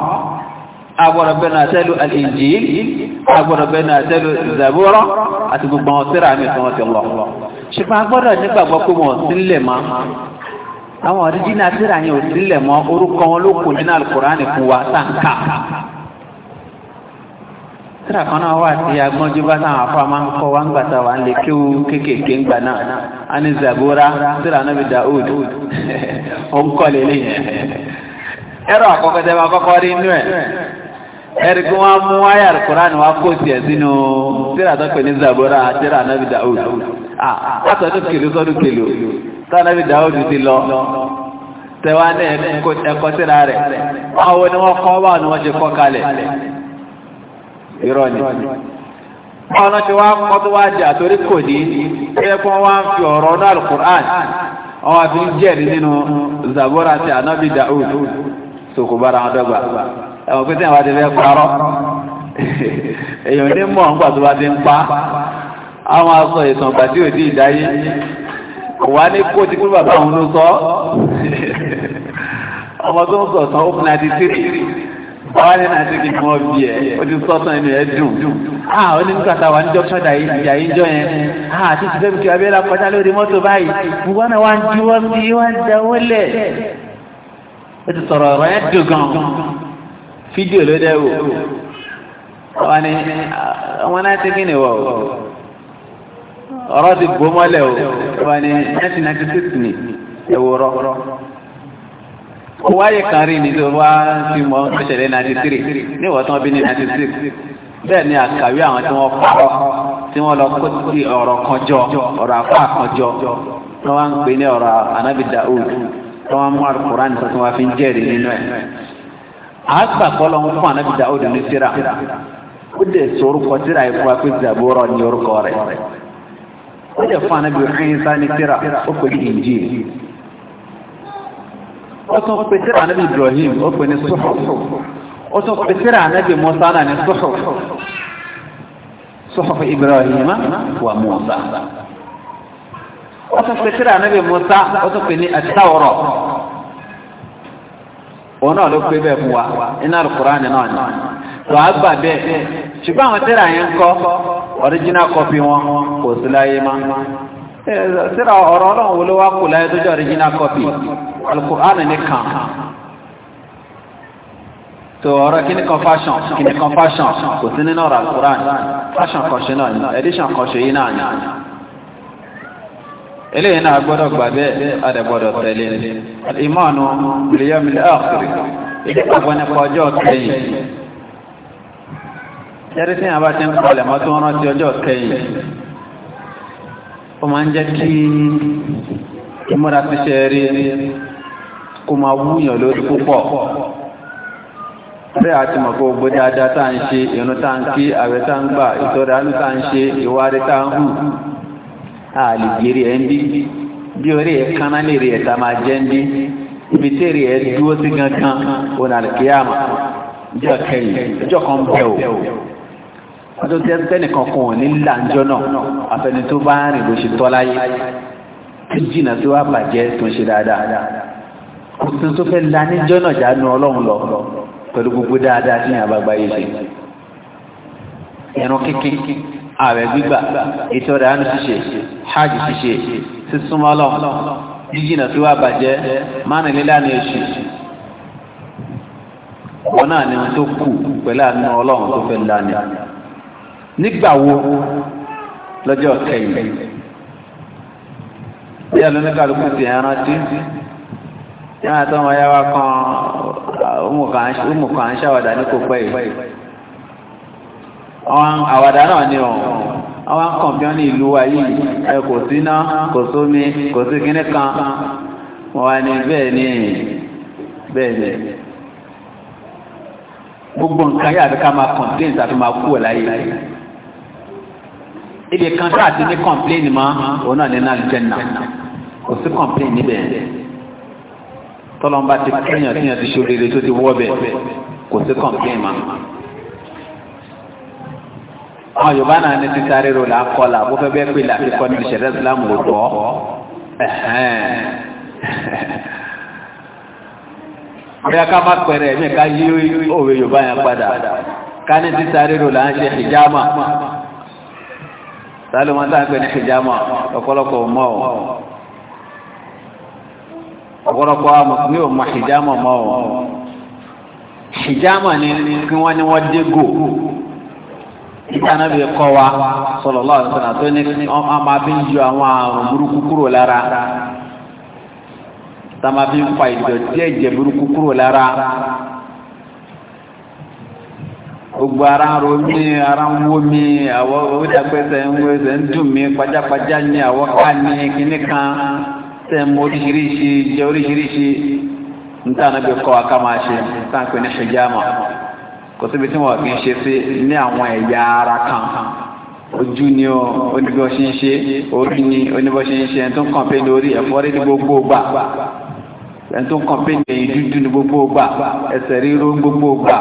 agbọ́dọ̀ bẹ́ẹ̀ náà tẹ́lu al-Injil agbọ́dọ̀ bẹ́ẹ̀ náà tẹ́lu zabura àti gbogbo àwọn tẹ́rà àmì tí wọ́n ti lọ. ṣùgbọ́n agbọ́dọ̀ nígbàgbọ́ pé wọ́n ti ń lẹ̀ mọ́ àwọn ọ̀ríjìnà tẹ́rà yẹn ò ti ń lẹ̀ mọ́ orúkọ wọn ló kù nínú al-Qur'ani fún wa sáǹkà. tẹ́rà kan náà wà sí agbọ́njú bá táwọn afọ máa ń kọ́ wá ń gbàtà wà ń lè kéwu kéékèèké ń gbà náà a ní zabura tẹ́rà náà rí inú ẹ̀ ẹ̀rí kí wọ́n mú ayé àrùkùránì wá kó tiẹ̀ sínú tíra tó pè ní zabora tíra anabi daoud àtọ̀dún kìlú sọ́dún kìlú tó anabi daoud ti lọ tẹwa ní ẹ̀kọ́ tíra rẹ̀ àwọn ni wọ́n kọ́ wà ní wọ́n ṣe kọ́ kalẹ̀ irọ́ ni ọ̀nà tí wọ́n kọ́ tó wá jà torí kò ní ẹ̀kọ́ wá ń fi ọ̀rọ̀ náà àrùkùránì wọ́n fi ń jẹ́rìí nínú zabora ti anabi daoud sokobara adọ́gba ẹ̀wọ̀n pé sẹ́yìn wá ti fẹ́ parọ́ èèyàn ní mọ̀ nígbà tó bá ti ń pa àwọn aṣọ ìtàn ìgbà tí ò tí ìdáyé kò wá ní kó ti pé bàbá òun ló sọ ọmọ tó ń sọ tán ó fún náà ti tírì báwa ní náà ti kí wọn bí ẹ ó ti sọ tán inú ẹ dùn ah ó ní nígbà táwa níjọ kọjá ìyá yìí jọ yẹn ah àti ti fẹ́mi kí abẹ́rẹ́ akọjá lórí mọ́tò báyìí wọn náà wá ń juwọ́ sí wọ́n ń dáwọ́lẹ̀ ó ti sọ̀rọ̀ ọ̀rọ̀ yẹn dùn gan-an fídíò ló dẹ́wò wọ́n ní wọ́n náà ti kí ni wọ́ ọ̀rọ̀ ti bò mọ́lẹ̀ o wọ́n ní 1996 ni ẹ̀wò rọ́ wáyé kan rí ni tó wá sí mọ́ ṣẹlẹ̀ 93 ní ìwọ̀n tán bí ní 96 bẹ́ẹ̀ ni àkàwé àwọn tí wọ́n parọ́ tí wọ́n lọ kó sí ọ̀rọ̀ kan jọ ọ̀rọ̀ apá kan jọ wọ́n wá ń pè ní ọ̀rọ̀ anábì Daud wọ́n wá mú àrùkùránì tó tún wá fi ń jẹ́rìí nínú ẹ̀ àgbà kọ́lọ́ ń fún ànábì Dáúdù ní síra ó dẹ̀ sọ orúkọ síra yìí fún wa pé Zabura ní orúkọ rẹ̀ ó dẹ̀ fún ànábì Ìsá ní síra ó pè ní Injil ó tún pè síra ànábì Ibrahim ó pè ní Suhuf ó tún pè síra Musa náà ní Suhuf Suhuf Ibrahim wa Musa ó tún pè síra Musa ó tún pè ní at òun náà ló pé bẹ́ẹ̀ fún wa iná alukuraani náà ni tó a gbà bẹ́ẹ̀ ṣùgbọ́n àwọn tẹ́lẹ̀ yẹn ń kọ́ original copy wọn kò sí láyé má síra ọ̀rọ̀ ọlọ́run wo ló wá kù láyé tó jẹ́ original copy alukuraani nìkan tó ọ̀rọ̀ kíní kan fashion kíní kan fashion kò sí nínú ọ̀rọ̀ alukuraani fashion kan ṣe náà ni edition kan ṣe yìí náà ni. eléyìí náà gbọ́dọ̀ gbà bẹ́ẹ̀ adẹ̀gbọ́dọ̀ tẹ̀lé ìmọ̀nù e. lèyọ́mìlì àkùrì ìdíkọ̀gbọ́n nípa ọjọ́ kẹyìn ẹ̀rí tí àbá ti ń kọlẹ̀ mọ́ tó ń rántí ọjọ́ kẹyìn ó máa ń jẹ́ kí ṣe rí kó máa wúyàn lórí púpọ̀ bẹ́ẹ̀ àti mọ̀ pé gbogbo dáadáa tá ń ṣe tá ń kí àwẹ̀ tá ń gbà àlìgbèrè ẹ̀ ń bí bí orí ẹ̀ kánná lè rí ẹ̀ tá máa jẹ́ ń bí ibi tí èrè ẹ̀ dúró sí gangan òun àlìkíyàmà jọ kẹyìn jọ kan bẹ̀ o ọdún tẹ́ tẹ́nìkan kan ò ní làǹjọ́ náà àfẹni tó bá rìn ló ṣe tọ́láyé tó jìnnà tó wá bàjẹ́ tó ń ṣe dáadáa kò sí tó fẹ́ la níjọ́ náà jánu ọlọ́run lọ pẹ̀lú gbogbo dáadáa tí yàrá gbáyé ṣe ẹ̀rọ kékeré ààrẹ gbígbà ètò ọ̀rẹ́ àánú ṣíṣe hajj ṣíṣe sísúnmọ́ ọlọ́run jíjìnà tí wàá bàjẹ́ mánìlélànà èṣù wọn náà ni wọn tó kù pẹ̀lú àánú ọlọ́run tó fẹ́ lánà nígbà wo lọ́jọ́ kẹyìn bí ẹlòmíkàlùkù ti ẹ̀ rántí yàrá tó wọn yá wa kan ọmọ ṣàwádà ní kò pẹ́ yìí àwọn àwàdà náà ni ọ̀hún àwọn kọ̀m̀píọ́n ní ìlú wa yìí ẹ kò sí iná kò sómi kò sí kíní kan wọ́n wá ní bẹ́ẹ̀ ni bẹ́ẹ̀ ni gbogbo nǹkan yàtọ̀ ká máa complain tàbí máa kú ẹ̀ láyé ibi kan tó àti ní complain mọ́ òun náà ní náà jẹ́ nà kò sí complain níbẹ̀ tọ́lọ́mbà ti kéèyàn tí yàn ti ṣe oríire tó ti wọ́ bẹ̀ kò sí complain mọ́ àwọn yorùbá náà ní títà ríro là kọ́ là bó fẹ́ bẹ́ẹ̀ pé là kíkọ́ ní ìṣẹ̀lẹ̀ ìsìlámù ò gbọ́ bóyá ká má pẹ̀rẹ̀ ẹ̀mí ká yí òwe yorùbá yẹn padà ká ní títà ríro là ń ṣe hijama sálọ wọn táwọn pè ní hijama ọ̀pọ̀lọpọ̀ mọ́ ọ ọ̀pọ̀lọpọ̀ ní ò hijama mọ́ ọ hijama ni kí wọ́n ní wọ́n dégò ìtànà bí kọ́ wa sallallahu alaihi wasallam tó ní ọmọ máa fi ń yọ àwọn àrùn burúkú kúrò lára tá máa ń fa ìdọ̀tí ẹ̀jẹ̀ burúkú kúrò lára gbogbo ara ń ro mí ara ń wó mi àwọ̀ oríṣàpẹ̀sẹ̀ ń wẹ̀sẹ̀ ń dùn mí pajápajá ní àwọ̀ ká ní kinní kan tẹ̀ mọ oríṣiríṣi oríṣiríṣi kọ́ kò síbi tí wọn kì í ṣe sí ní àwọn ẹ̀yà ara kan ojú ni o oníbọ̀ ṣe ń ṣe orí ni oníbọ̀ ṣe ń ṣe ẹni tó ń kàn pé lórí ẹ̀fọ́rí ní gbogbo gbà ẹni tó ń kàn pé lẹ́yìn dúdú ní gbogbo gbà ẹsẹ̀ ríro ní gbogbo gbà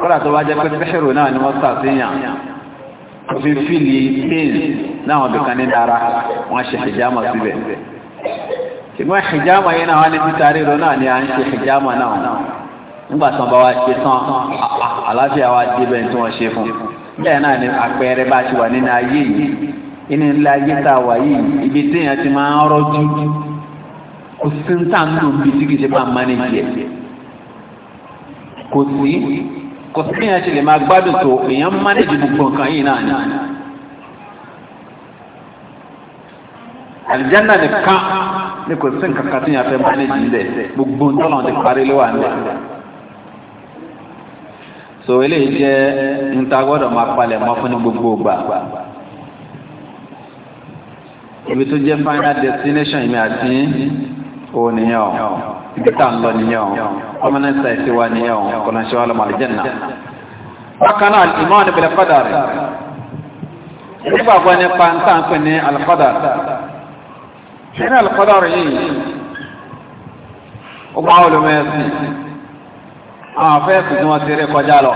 kọ́lá tó bá jẹ́ pé fẹ́ṣẹ̀rò náà ni wọ́n ṣàfihàn òfin fìlì pain náà wọn dùkan ní dára wọn ṣe hijama síbẹ̀ ṣùgbọ́n hijama yẹn náà wọn ní títà ríro náà ni à ń ṣe hijama náà nígbà tí wọn bá wá ṣe tán àlàáfíà wa dé bẹ́ẹ̀ tí wọ́n ṣe fún bẹ́ẹ̀ náà ni àpẹẹrẹ bá ti wà nínú ayé yìí inú ilé ayé tá a wà yìí ibi téèyàn ti máa ń rọ́jú kò sí ń tà ń lò tí kì í ṣe máa máa nìyí ẹ̀ kò sí kò sí kéèyàn ṣe lè máa gbádùn tó èèyàn máa nìyí gbogbo nǹkan yìí náà ni. àlìjáná nìkan ni kò sí nǹkan kan tí yàtọ̀ máa nìyí bẹ́ẹ̀ gbogbo ń tọ́lọ̀ ti parí lé wà so eléyìí jẹ́ níta gbọ́dọ̀ máa palẹ̀ mọ́ fún ní gbogbo ìgbà ibi tó jẹ́ final destination mi àti òun nìyẹn o ibi tá à ń lọ nìyẹn o permanent site wa nìyẹn o kọ́nà ṣe wà lọ́mọ àlùjẹ́nà. bákan náà ìmọ̀ ni bẹ̀rẹ̀ fọ́dà rẹ̀ nígbàgbọ́ nípa ń ń pè ní àlùfọ́dà nínú àlùfọ́dà rẹ̀ yìí ó máa wọlé mẹ́sìn àwọn afẹ́ẹ̀kù tí wọ́n ti rẹ kọjá lọ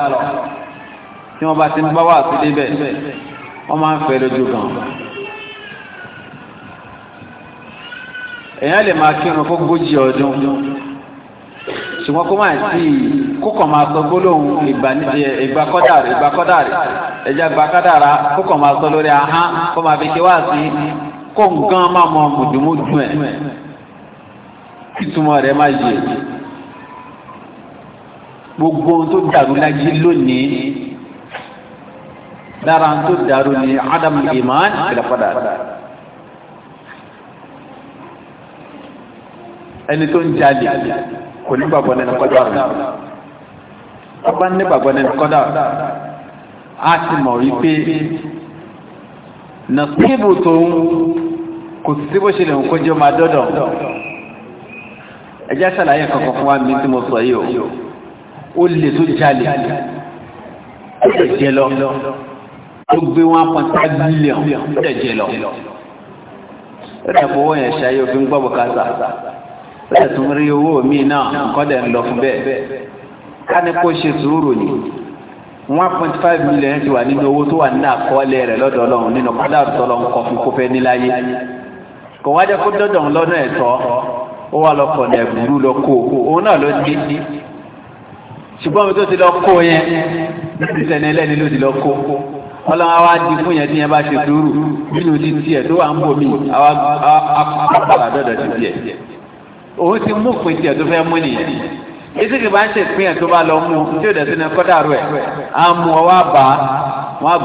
tí wọ́n bá ti ń bá wà sí débẹ̀ wọ́n máa ń fẹ́ lójú gan èèyàn lè máa kírun fún ogójì ọdún ṣùgbọ́n kó máa sí kókàn máa sọ gbólóhùn ìgbàkọ́dàrí ìgbàkọ́dàrí ẹ̀jẹ̀ gbàkọ́dàrá kókàn máa sọ lórí ahán kó máa fi ṣe wá sí kó nǹkan máa mọ mùdùmùdù ẹ̀ ìtumọ̀ rẹ̀ máa yẹ gbogbo ohun tó dàrú lájí lónìí lára ohun tó dàrú ni adam iman ìlàpadà ẹni tó ń jalè kò ní gbàgbọ́ nínú kọ́dà rẹ̀ ọba ní gbàgbọ́ nínú kọ́dà á ti mọ̀ wípé nàṣíbù tó ń kò sí bó ṣe lè ń kójú ọmọ adọ́dọ̀ ẹjẹ́ ṣàlàyé kankan fún wa mi tí mo sọ yìí o ó lè tó jalè ó lè jẹ lọ ó gbé wọn pátá mílíọ̀n ó lè jẹ lọ ó lè fowó yẹn ṣayé òfin gbọ́ bùkátà ó tún rí owó mi náà nǹkan dẹ̀ ń lọ fún bẹ́ẹ̀ ká kó ṣe sùúrù ni one point five million ti wà nínú owó tó wà nínú àkọọ́lẹ̀ rẹ̀ lọ́dọ̀ ọlọ́run nínú kọ́dà tọ́lọ́run kọ́ fún kófẹ́ níláyé kò wá jẹ́ kó dọ́dọ̀ ọ̀hún lọ́nà ẹ̀tọ́ ó wà lọ́kọ̀ọ̀dẹ̀ burú lọ́kọ̀ òun náà ló dé ṣùgbọ́n mi tó ti lọ kó yẹn níbi sẹ́ni ẹlẹ́ni ló ti lọ kó ọlọ́run àwa di fún yẹn tí yẹn bá ṣe dúró nínú ti tiẹ̀ tó wà ń bò mí àwa àpàlà dọ̀dọ̀ ti tiẹ̀ òun ti mú pin tiẹ̀ tó fẹ́ mú nìyẹn ìsìnkì bá ń ṣe pin ẹ̀ tó bá lọ mú tí ò dẹ̀sí ní kọ́dà rẹ̀ á mú wọ́n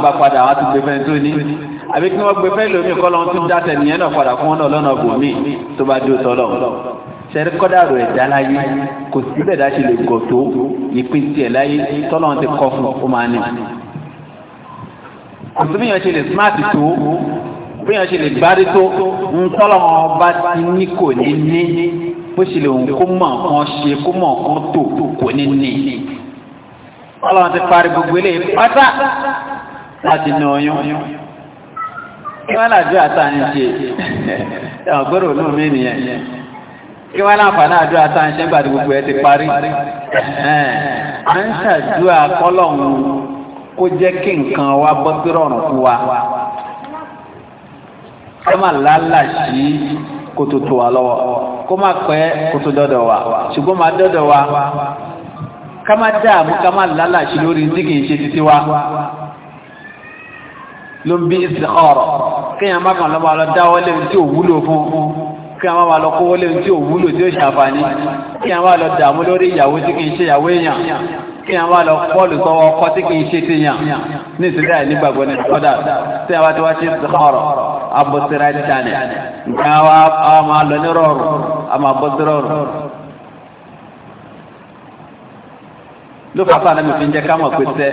gbé fẹ́ lómi kọ́ tún dá tẹ̀ nìyẹn padà fún ọ náà lọ́nà tó bá dé òtọ́ sẹ́rí kọ́dàrú ẹ̀dá láyé kò sí bẹ́ẹ̀ dá ṣe lè gọ̀ tó ìpín tiẹ̀ láyé tọ́lọ́run ti kọ́ fún ó máa ní. kò sí bíyàn ṣe lè smart tó bíyàn ṣe lè gbárí tó ń tọ́lọ́run bá ti ní kò ní ní bó ṣe lè kó mọ̀ kan ṣe kó mọ̀ kan tó kò ní ní. tọ́lọ́run ti parí gbogbo eléyìí pátá láti nà ọyún kí wọ́n làdúrà tá ṣe ọ̀gbọ́rọ̀ olómi nìyẹn. kí wọ́n láǹfààní àdúrà tá ń ṣe gbogbo ẹ ti parí à ń ṣàdúrà kọ́lọ́hún kó jẹ́ kí nǹkan wa bọ́ sí rọrùn fún wa kó má làálà sí kótó wa lọ́wọ́ kó má pẹ́ dọ́dọ̀ wa ṣùgbọ́n má dọ́dọ̀ wa ká má ká má wa ló ń bí má kàn lọ dáwọ́ tí ò wúlò fún un. kí a máa wà lọ kówó lé tí ò wúlò tí ó ṣàǹfààní kí a máa lọ dààmú lórí ìyàwó tí kì í ṣe ìyàwó èèyàn kí a máa lọ pọ́ọ̀lù sọ́wọ́ ọkọ tí kì í ṣe ti yàn ní ìsìlẹ̀ nígbàgbọ́ ní ọ̀dà tí a bá ti wá ṣe ọ̀rọ̀ abọ́sẹ̀rẹ̀ dání nǹkan wa a máa lọ ní rọrùn a máa bọ́ sí rọrùn. ló fà fún àná mi fi ń jẹ́ ká mọ̀ pé sẹ́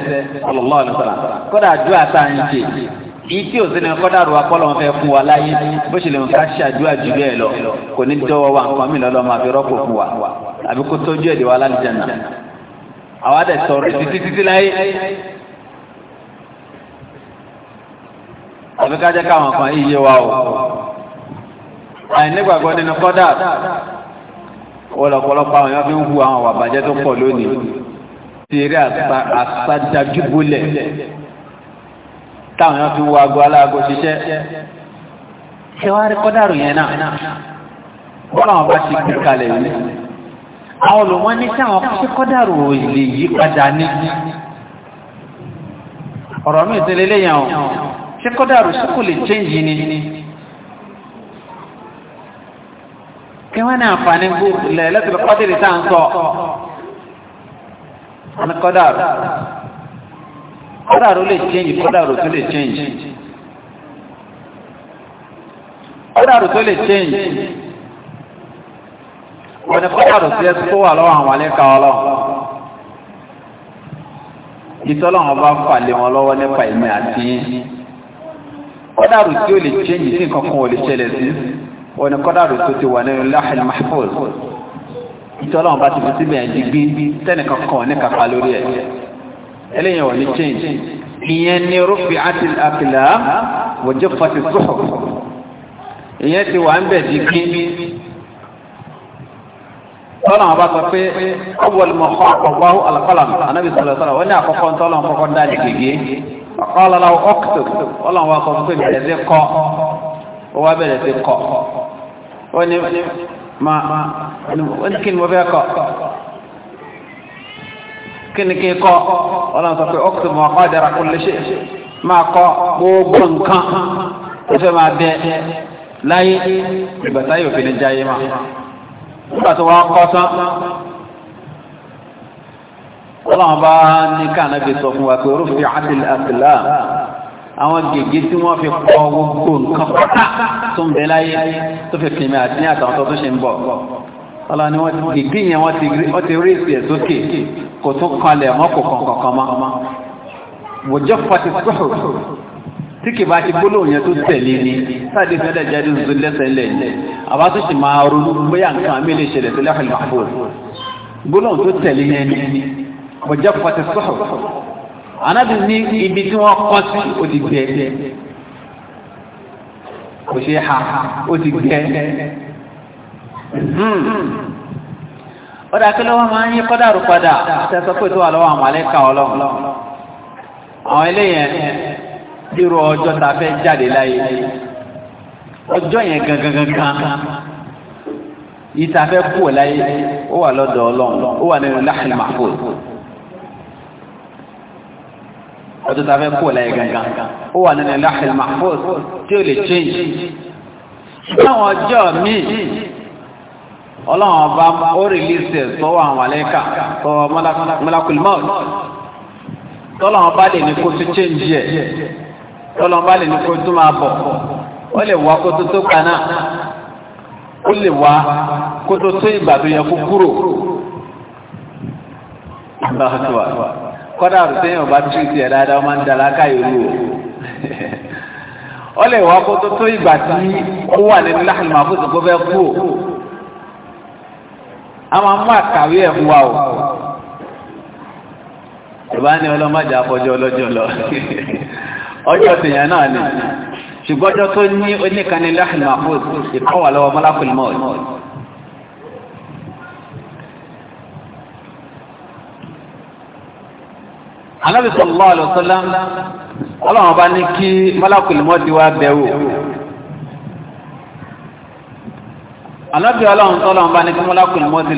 ọlọ́lọ́ ìtí ò sínú kọ́dàrú akọ́lọ́ wọn fẹ́ fún wa láyé bó ṣe lè ń ká ṣàdúrà jù bẹ́ẹ̀ lọ kò ní dọ́wọ́ wa nǹkan mi lọ́lọ́ máa fi rọ́pò fún wa àbí kó tọ́jú ẹ̀dẹ̀ wa láti jẹ̀nà àwa dẹ̀ sọ̀rọ̀ títí títí láyé. àbí ká jẹ́ káwọn kan yíyé wa o àìnígbàgbọ́ nínú kọ́dà ọ̀pọ̀lọpọ̀ àwọn èèyàn fi ń hu àwọn àwàbàjẹ́ tó pọ̀ lónìí tèrè àsádájúbólẹ̀ táwọn èèyàn fi wo aago aláago ṣiṣẹ́ ṣe wá rí kọ́dàrú yẹn náà bọ́lá wọn bá ti gbé kalẹ̀ yìí àwọn olùwọ́n ní sáwọn ṣe kọ́dàrú lè yí padà ní ọ̀rọ̀ mi ìsinlẹ̀ lẹ́yìn ọ̀ ṣe kọ́dàrú sí kò lè chẹ́ǹjì ni kí wọ́n ní àǹfààní lẹ́lẹ́tìlẹ́kọ́dìrì tá kọ́dàrú lè change kọ́dàrú tó lè change kọ́dàrú tó lè change wọ́n ni kọ́dàrú sí ẹsùn tó wà lọ́wọ́ àwọn alẹ́ka ọlọ́ ìtọ́lọ́wọ́n bá fà lé wọn lọ́wọ́ nípa ìmọ̀ àti yín kọ́dàrú tí ó lè change sí nǹkan kan ò lè ṣẹlẹ̀ sí wọ́n ni kọ́dàrú tó ti wà nínú láhìl mahfuz ìtọ́lọ́wọ́n bá ti fi síbẹ̀ ẹ̀ ti tẹ́nìkan kan ní kàkà lórí ẹ̀ eléyàn wà ní change ìyẹn ni rúfì àti àkìlá wòjẹ́ fàtí sọ́ọ̀ ìyẹn ti wà ń bẹ̀ di kí tọ́lá wọn bá sọ pé ọwọ́ lè mọ̀ kọ́ àkọ́kọ́ alqalam anábì sọ̀rọ̀ sọ̀rọ̀ wọ́n ní àkọ́kọ́ ń tọ́lá wọn kọ́kọ́ dá lè gègé ọ̀kọ́lá lọ ọ́kùtù ọlọ́run wa sọ ma ó kí ni mo fẹ́ kọ́ kí ni kí kọ́ ọlọ́run sọ pé ọ́kùtù mọ̀ ọkọ̀ ìdára kò lè ṣe máa kọ gbogbo nǹkan tó fẹ́ máa bẹ láyé ìgbà táyé òfin jáyé máa nígbà tó wá kọ́ tán ọlọ́run bá ní káànábì sọ fún wa pé orúfin àti àtìlá àwọn gègé tí wọ́n fi kọ gbogbo nǹkan pátá tó ń bẹ láyé tó fi fìmí àti ní àtàwọn tó tó ṣe ń bọ̀ ọlá ni ìpín yẹn wọ́n ti rí ìsì ẹ̀ sókè kò tún kanlẹ̀ wọ́n kò kọ̀kọ̀kan mọ́ wòjọ́ pàtí sọ́hùn tí kì bá ti gbólóhùn yẹn tó tẹ̀lé ni sáàdé fẹ́lẹ̀ jáde ń zun lẹ́sẹ̀ lẹ̀ àbá tó sì máa ronú bóyá nǹkan mi lè ṣẹlẹ̀ tó lẹ́fẹ̀ẹ́ lọ́pọ̀ gbólóhùn tó tẹ̀lé yẹn ni wòjọ́ pàtí sọ́hùn anábì ní ibi tí wọ́n kọ́ sí ó ti gbẹ ọ̀dà hmm. kí lọ́wọ́ máa ń yí kọ́dàrú padà tẹ́sọ́ pé tó wà lọ́wọ́ àwọn alẹ́kà ọlọ́run àwọn eléyẹn bírò ọjọ́ ta fẹ́ jáde láyé ọjọ́ yẹn gangan gangan ìta fẹ́ kú ọ̀ láyé ó wà lọ́dọ̀ ọlọ́run ó wà nínú láhìl mahfuz ọjọ́ ta fẹ́ kú ọ̀ láyé gangan ó wà nínú láhìl mahfuz tí ó lè change. Báwọn ọjọ́ míì ọlọ́run ọba ó rìlíìsì ẹ̀ sọ́wọ́ àwọn àlẹ́kà sọ́wọ́ mọ́lákùlù mọ́ọ̀lù tọ́lọ́run ọba lè ní kó tó chéǹjì ẹ̀ tọ́lọ́run lè ní kó máa bọ̀ ó lè wá kó tó tó kaná ó lè wá kó tó tó ìgbà tó yẹ kó kúrò kọ́dà ọba ẹ̀ dáadáa máa ń káyọ̀ lù ó lè wá kó tó tó ìgbà tí ó wà nínú àwọn amú àkàwé ẹ̀ fún wa o ìbá ní ọlọ́mọdé afọjọ́ ọlọ́jọ́ lọ ọjọ́ tèèyàn náà ni ṣùgbọ́n ọjọ́ tó ní oníkanni láhìlì mahfuz ìkọ́ wà lọ́wọ́ malakul maut anábìsọ̀ lọ́wọ́ àlọ́sọ́lá ọlọ́run bá ní kí malakul maut ti ànábì ọlọ́run tọ́lọ̀ ń bá ní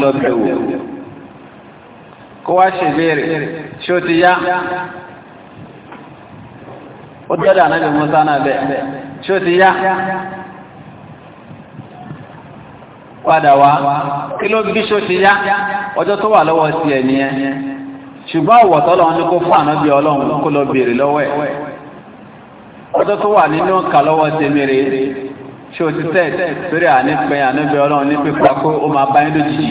lọ bẹ̀ kó wá ṣe béèrè ṣé ó ti yá ó Wadawa! ànábì Mùsá náà ó ti yá padà wá kí ló bí ó ti yá ọjọ́ tó wà lọ́wọ́ sí ẹ̀ nìyẹn ṣùgbọ́n ọ̀wọ̀ ṣé o ti tẹ́ torí àní pẹ́ àníbẹ̀ ọlọ́run ní pípa kó o máa bá yín lójijì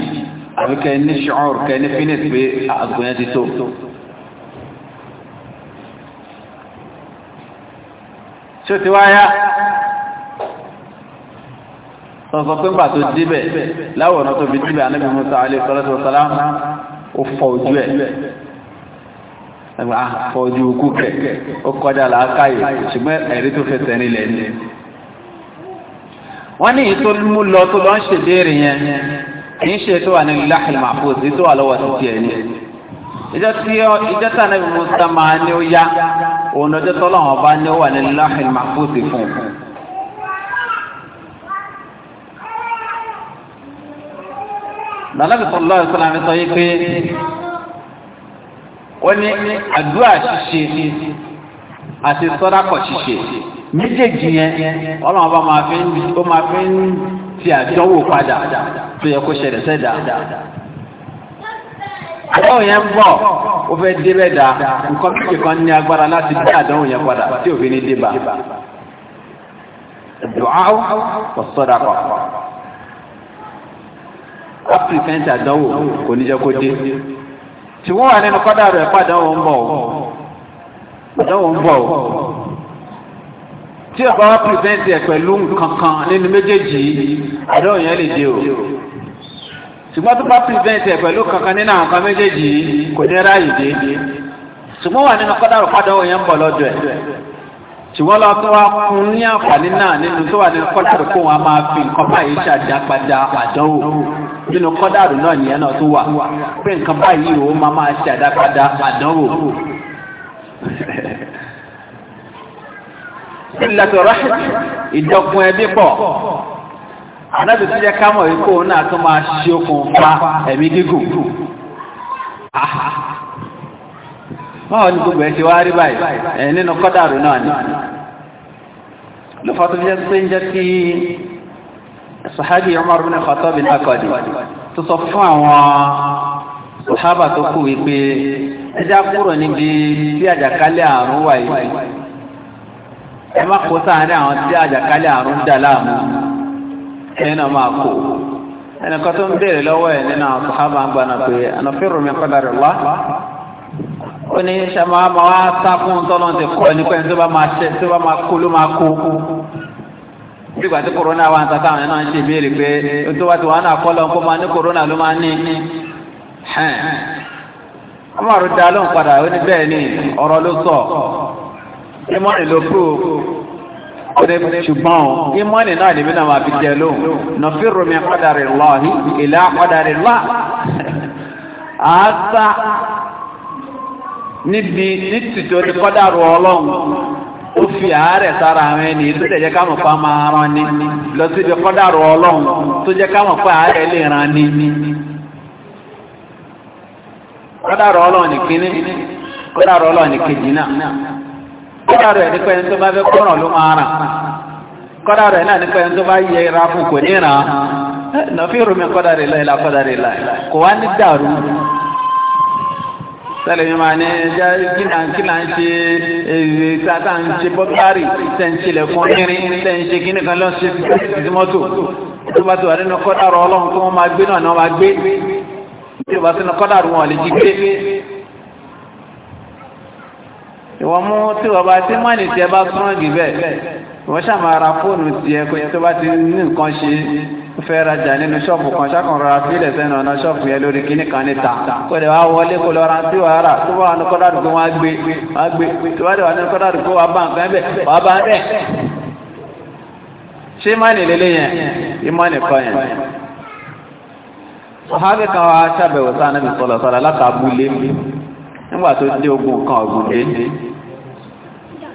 àbí kẹ́ ní ṣọ́ọ̀rù kẹ́ ní fínẹ̀ pé àgbo yẹn ti tó. ṣé o ti wáyá sọ̀sọ̀ pé ńgbà tó débẹ̀ láwòrán tó fi débẹ̀ àníbẹ̀ Musa alẹ́ sọ́lọ́sọ ó fọ ojú ẹ̀ ah, fọ ojú kúkẹ̀ ó kọjá làákàyè ṣùgbọ́n ẹ̀rí tó fẹsẹ̀ nílẹ̀ ní wọ́n ní èyí tó mú lọ tó lọ ń ṣèbéèrè yẹn kì í ṣe tó wà ní láhìl mahfuz tó wà lọ́wọ́ títí ẹ̀ ní. ìjọ tí ìjọ tí ànábì Musa máa ní ó yá òun ọjọ́ tọ́lọ́wọ́n bá ní ó wà ní láhìl mahfuz fún un. lọ́lọ́bì sọ̀rọ̀ lọ́wọ́ sọ̀rọ̀ sọ yìí pé wọ́n ní àdúrà ṣíṣe àti sọ́dákọ̀ ṣíṣe. méjèèjì yẹn ọlọ́run ọba máa fi ń ó máa fi ń ti àdánwò padà tó yẹ kó ṣẹlẹ̀ sẹ́dá. àdánwò yẹn ń bọ̀ ó fẹ́ dá nǹkan méjì kan ní agbára láti dé àdánwò yẹn padà tí òfin ní dé bá. kò sọ́dà kọ̀. a pìrìfẹ́ǹtì àdánwò kò ní jẹ́ kó dé. tí wọ́n wà nínú kọ́dà rẹ̀ pàdánwò ń bọ̀ ń bọ̀ tí ẹ bá wá pìrìsẹ́ǹtì ẹ̀ pẹ̀lú kankan nínú méjèèjì àdéhùn yẹn lè dé o ṣùgbọ́n tó bá pìrìsẹ́ǹtì ẹ̀ pẹ̀lú kankan nínú àwọn kan méjèèjì kò ní ráàyè dé ṣùgbọ́n wà nínú kọ́dàrú pàdánù yẹn ń bọ̀ lọ́dọ̀ ẹ̀ ṣùgbọ́n lọ tó wá fún ní àǹfààní náà nínú tó wà nínú kọ́dàrú kó wọn máa fi nǹkan báyìí ṣàdápadà àdánwò nínú kọ́dàrú náà nìyẹn náà tó wà pé nǹkan báyìí ó máa máa ṣàdápadà àdánwò ìlàtọ̀ ráṣì ìjọkun ẹbí pọ̀ anábì tó jẹ́ kámọ̀ ikú náà tó máa ṣe okùn pa ẹ̀mí gígùn máa ní gbogbo wá rí báyìí nínú náà ni lọ́fà tó fi jẹ́ jẹ́ kí sahabi Umar bin Khattab bin akọ̀dì tó sọ fún àwọn tó kú wípé ẹjá kúrò níbi tí àjàkálẹ̀ ẹ má kó sáàárín àwọn tí àjàkálẹ̀ àrùn dà láàmú ẹ̀yin náà máa kó ẹnìkan tó ń béèrè lọ́wọ́ ẹ̀ nínú àwọn sàhábà ń gbaná pé ànàfẹ́rù mi padà rẹ̀ wá ó ní sàmà máa wá sá fún tọ́lọ́ ti kọ́ ẹni pé tó bá máa ṣe tó bá máa kó ló máa kó nígbà tí kòrónà wa ń ta táwọn náà ń ṣe béèrè pé tó bá ti wà náà kọ́ lọ kó máa ní kòrónà ló máa ní ọmọ àrùn dá lóhùn padà ó ní bẹ́ẹ̀ ni ọ̀rọ̀ ló sọ ìmọ̀nì ló kú ṣùgbọ́n ìmọ̀nì náà níbi náà máa fi jẹ lóhùn nàfírù min qadarillahi ila qadarillah àásá níbi nítorí kọ́dàrú ọlọ́run ó fi àárẹ̀ sára àwọn ẹni tó jẹ́ káwọn pa máa rán ni lọ síbi kọ́dàrú ọlọ́run tó jẹ́ káwọn pa àárẹ̀ lè rán ni kọ́dàrú ọlọ́run nìkíní kọ́dàrú ọlọ́run nìkejì náà kọ́dà rẹ̀ nípa ẹni tó bá fẹ́ kọ́ràn ló máa ràn kọ́dà rẹ̀ náà nípa ẹni tó bá yẹ ra fún kò ní ràn nàfi rumi kọ́dà rẹ̀ láìla kọ́dà rẹ̀ láì kò wá ní dàrú sẹ́lẹ̀ mi máa ní ẹja kílà kílà ń ṣe èyí tata ń ṣe bọ́kárì tẹ̀ ń ṣẹlẹ̀ fún irin tẹ̀ ń ṣe kíní kan lọ́sẹ̀ mọ́tò tó bá ti wà nínú kọ́dà o bá ìwọ mú tí wọ́n bá tí mọ́nì tí ẹ bá súnmọ́ jù bẹ́ẹ̀ wọ́n ṣàmàrà fóònù tí ẹ kò tó bá ti ní nǹkan ṣe fẹ́ rajà nínú ṣọ́ọ̀bù kan ṣàkàn rọra fílẹ̀ sẹ́nu ọ̀nà ṣọ́ọ̀bù yẹn lórí kíní kan níta kó lè wá wọlé kó lọ́ra tí wàá tó bá wà ní kọ́dà wọn gbé wọn gbé tó bá wọn bá nǹkan bá rẹ̀. ṣé yẹn yẹn. kan wá ṣàbẹ̀wò sáà nígbà tó dé ogun kan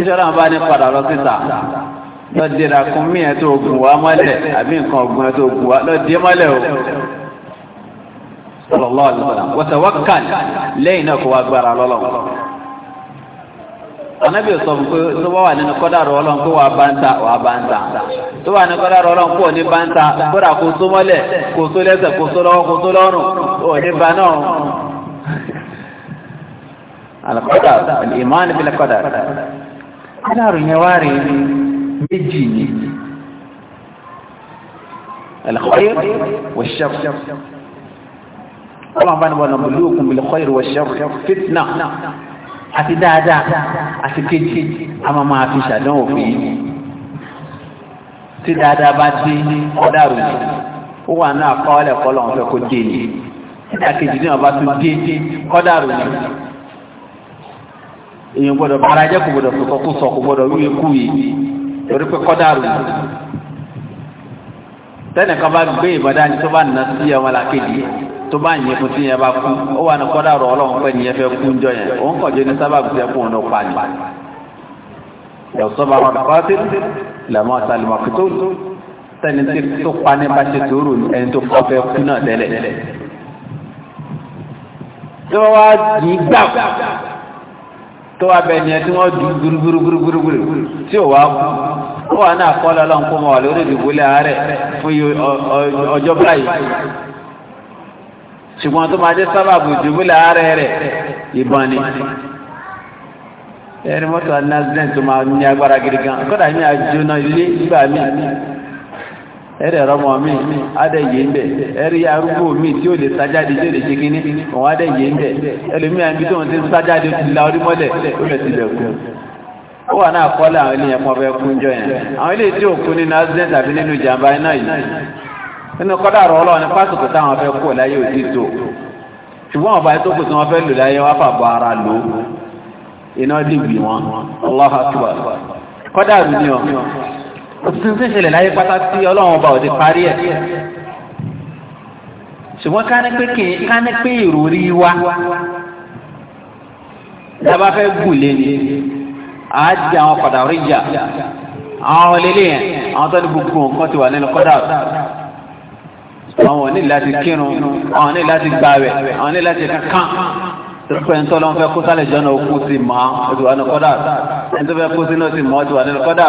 tíṣọ́rà ń bá ní padà lọ síta lọ́dẹ̀ẹ́ra kún mí ẹ̀ tó gùn wá mọ́lẹ̀ àbí nǹkan ọ̀gbìn ẹ̀ tó gùn wá lọ́dẹ̀ẹ́ mọ́lẹ̀ o sallallahu alaihi wa sallam wa tawakkal lẹ́yìn náà kó wá gbára lọ́lọ́run anabi sọ fún pé tó bá wà nínú kọ́dàrọ̀ ọlọ́run kó wà báńtà wà báńtà tó wà nínú kọ́dàrọ̀ ọlọ́run kó ní báńtà kódà kó só mọ́lẹ̀ kó só lẹ́sẹ̀ kó só lọ́wọ́ kó só lọ́rùn ó ba náà. alqadar al-iman bil qadar kádàrù yẹn wá rí méjì ni al-khayr wa ash-sharr ọlọ́run bá ní wọn lọ́gbọ̀n lóòkùn bil khayr wa ash-sharr fitna àti dáadáa àti kejì a máa máa fi ṣàdánwò fún yìí tí dáadáa bá dé kádàrù yìí ó wà náà kọ́ ọ́lẹ̀kọ́ lọ́wọ́ fẹ́ kó dé ni ìdàkejì náà bá tún dé kádàrù yìí èèyàn gbọ́dọ̀ bára jẹ́ kò gbọ́dọ̀ sọ̀kọ́ kó sọ kò gbọ́dọ̀ wíwé kú yìí torí pé kọ́dàrú tẹ́nìkan bá gbé ìbàdàn ní tó bá nà sí ọmọ làkejì tó bá yẹ kó tí yẹn bá kú ó wà ní kọ́dàrú ọlọ́run pẹ́ nìyẹn fẹ́ kú jọ yẹn òun kàn jẹ́ ní sábàbù tẹ́ fún un pa ni. ìyọ̀sọ́ba wọn kọ́ sí lẹ́mọ́ sálùmọ́ kótó tẹ́ni tó pa ní bá ṣe sòrò ẹni tó kọ́ fẹ́ kú náà tẹ́lẹ̀. tí tó wá bẹ ní ẹ tí wọ́n dùn gúrúgúrúgúrúgúrú tí ò wá kú ó wà ní kọ́ lọ́lọ́ wà lórí ìdìbòlẹ̀ ààrẹ fún báyìí ṣùgbọ́n tó máa jẹ́ sábàbù ìdìbòlẹ̀ ààrẹ rẹ̀ ìbọn ni ẹni tó máa ní agbára gidi gan kódà ní náà ilé ẹ̀rẹ̀ ọmọ mi a ń bẹ̀ ẹ̀rí arúgbó mi tí ó lè sájáde tí ó lè ṣe kíní òun adẹ́yẹ bẹ̀ ẹlòmíà ń bí tóun ti sájáde ó ti la orí mọ́lẹ̀ ó lè ti lẹ̀kú ó wà náà kọ́lẹ̀ àwọn eléyẹn pọ̀ fẹ́ kún jọ yẹn àwọn eléyìí tí ò kún nínú accident àbí nínú ìjàmbá iná yìí nínú kọ́dà rọ ọlọ́run pásítọ̀ táwọn fẹ́ kú láyé òtí tó ṣùgbọ́n ọba tó kù fẹ́ lò láyé wá fàbọ̀ ara lò iná òtún tí ń ṣẹlẹ̀ láyé pátá tí ọlọ́run ọba òde parí ẹ̀ ṣùgbọ́n ká ní pé ká ní pé ìròrí wa dábà fẹ́ gùn lé ní àájì àwọn padà rí jà àwọn lélẹ̀ yẹn àwọn tó ní gbogbo nǹkan ti wà nínú kọ́dà àwọn ní láti kírun àwọn ní láti gbààwẹ̀ àwọn ní láti kankan pẹ̀ntọ́ ló ń fẹ́ kó sálẹ̀ jọ́nà ó kú sí mọ́ ọ́ ti wà nínú kọ́dà ẹni tó fẹ́ kó sínú sí mọ́ ọ́ ti wà nínú kọ́dà.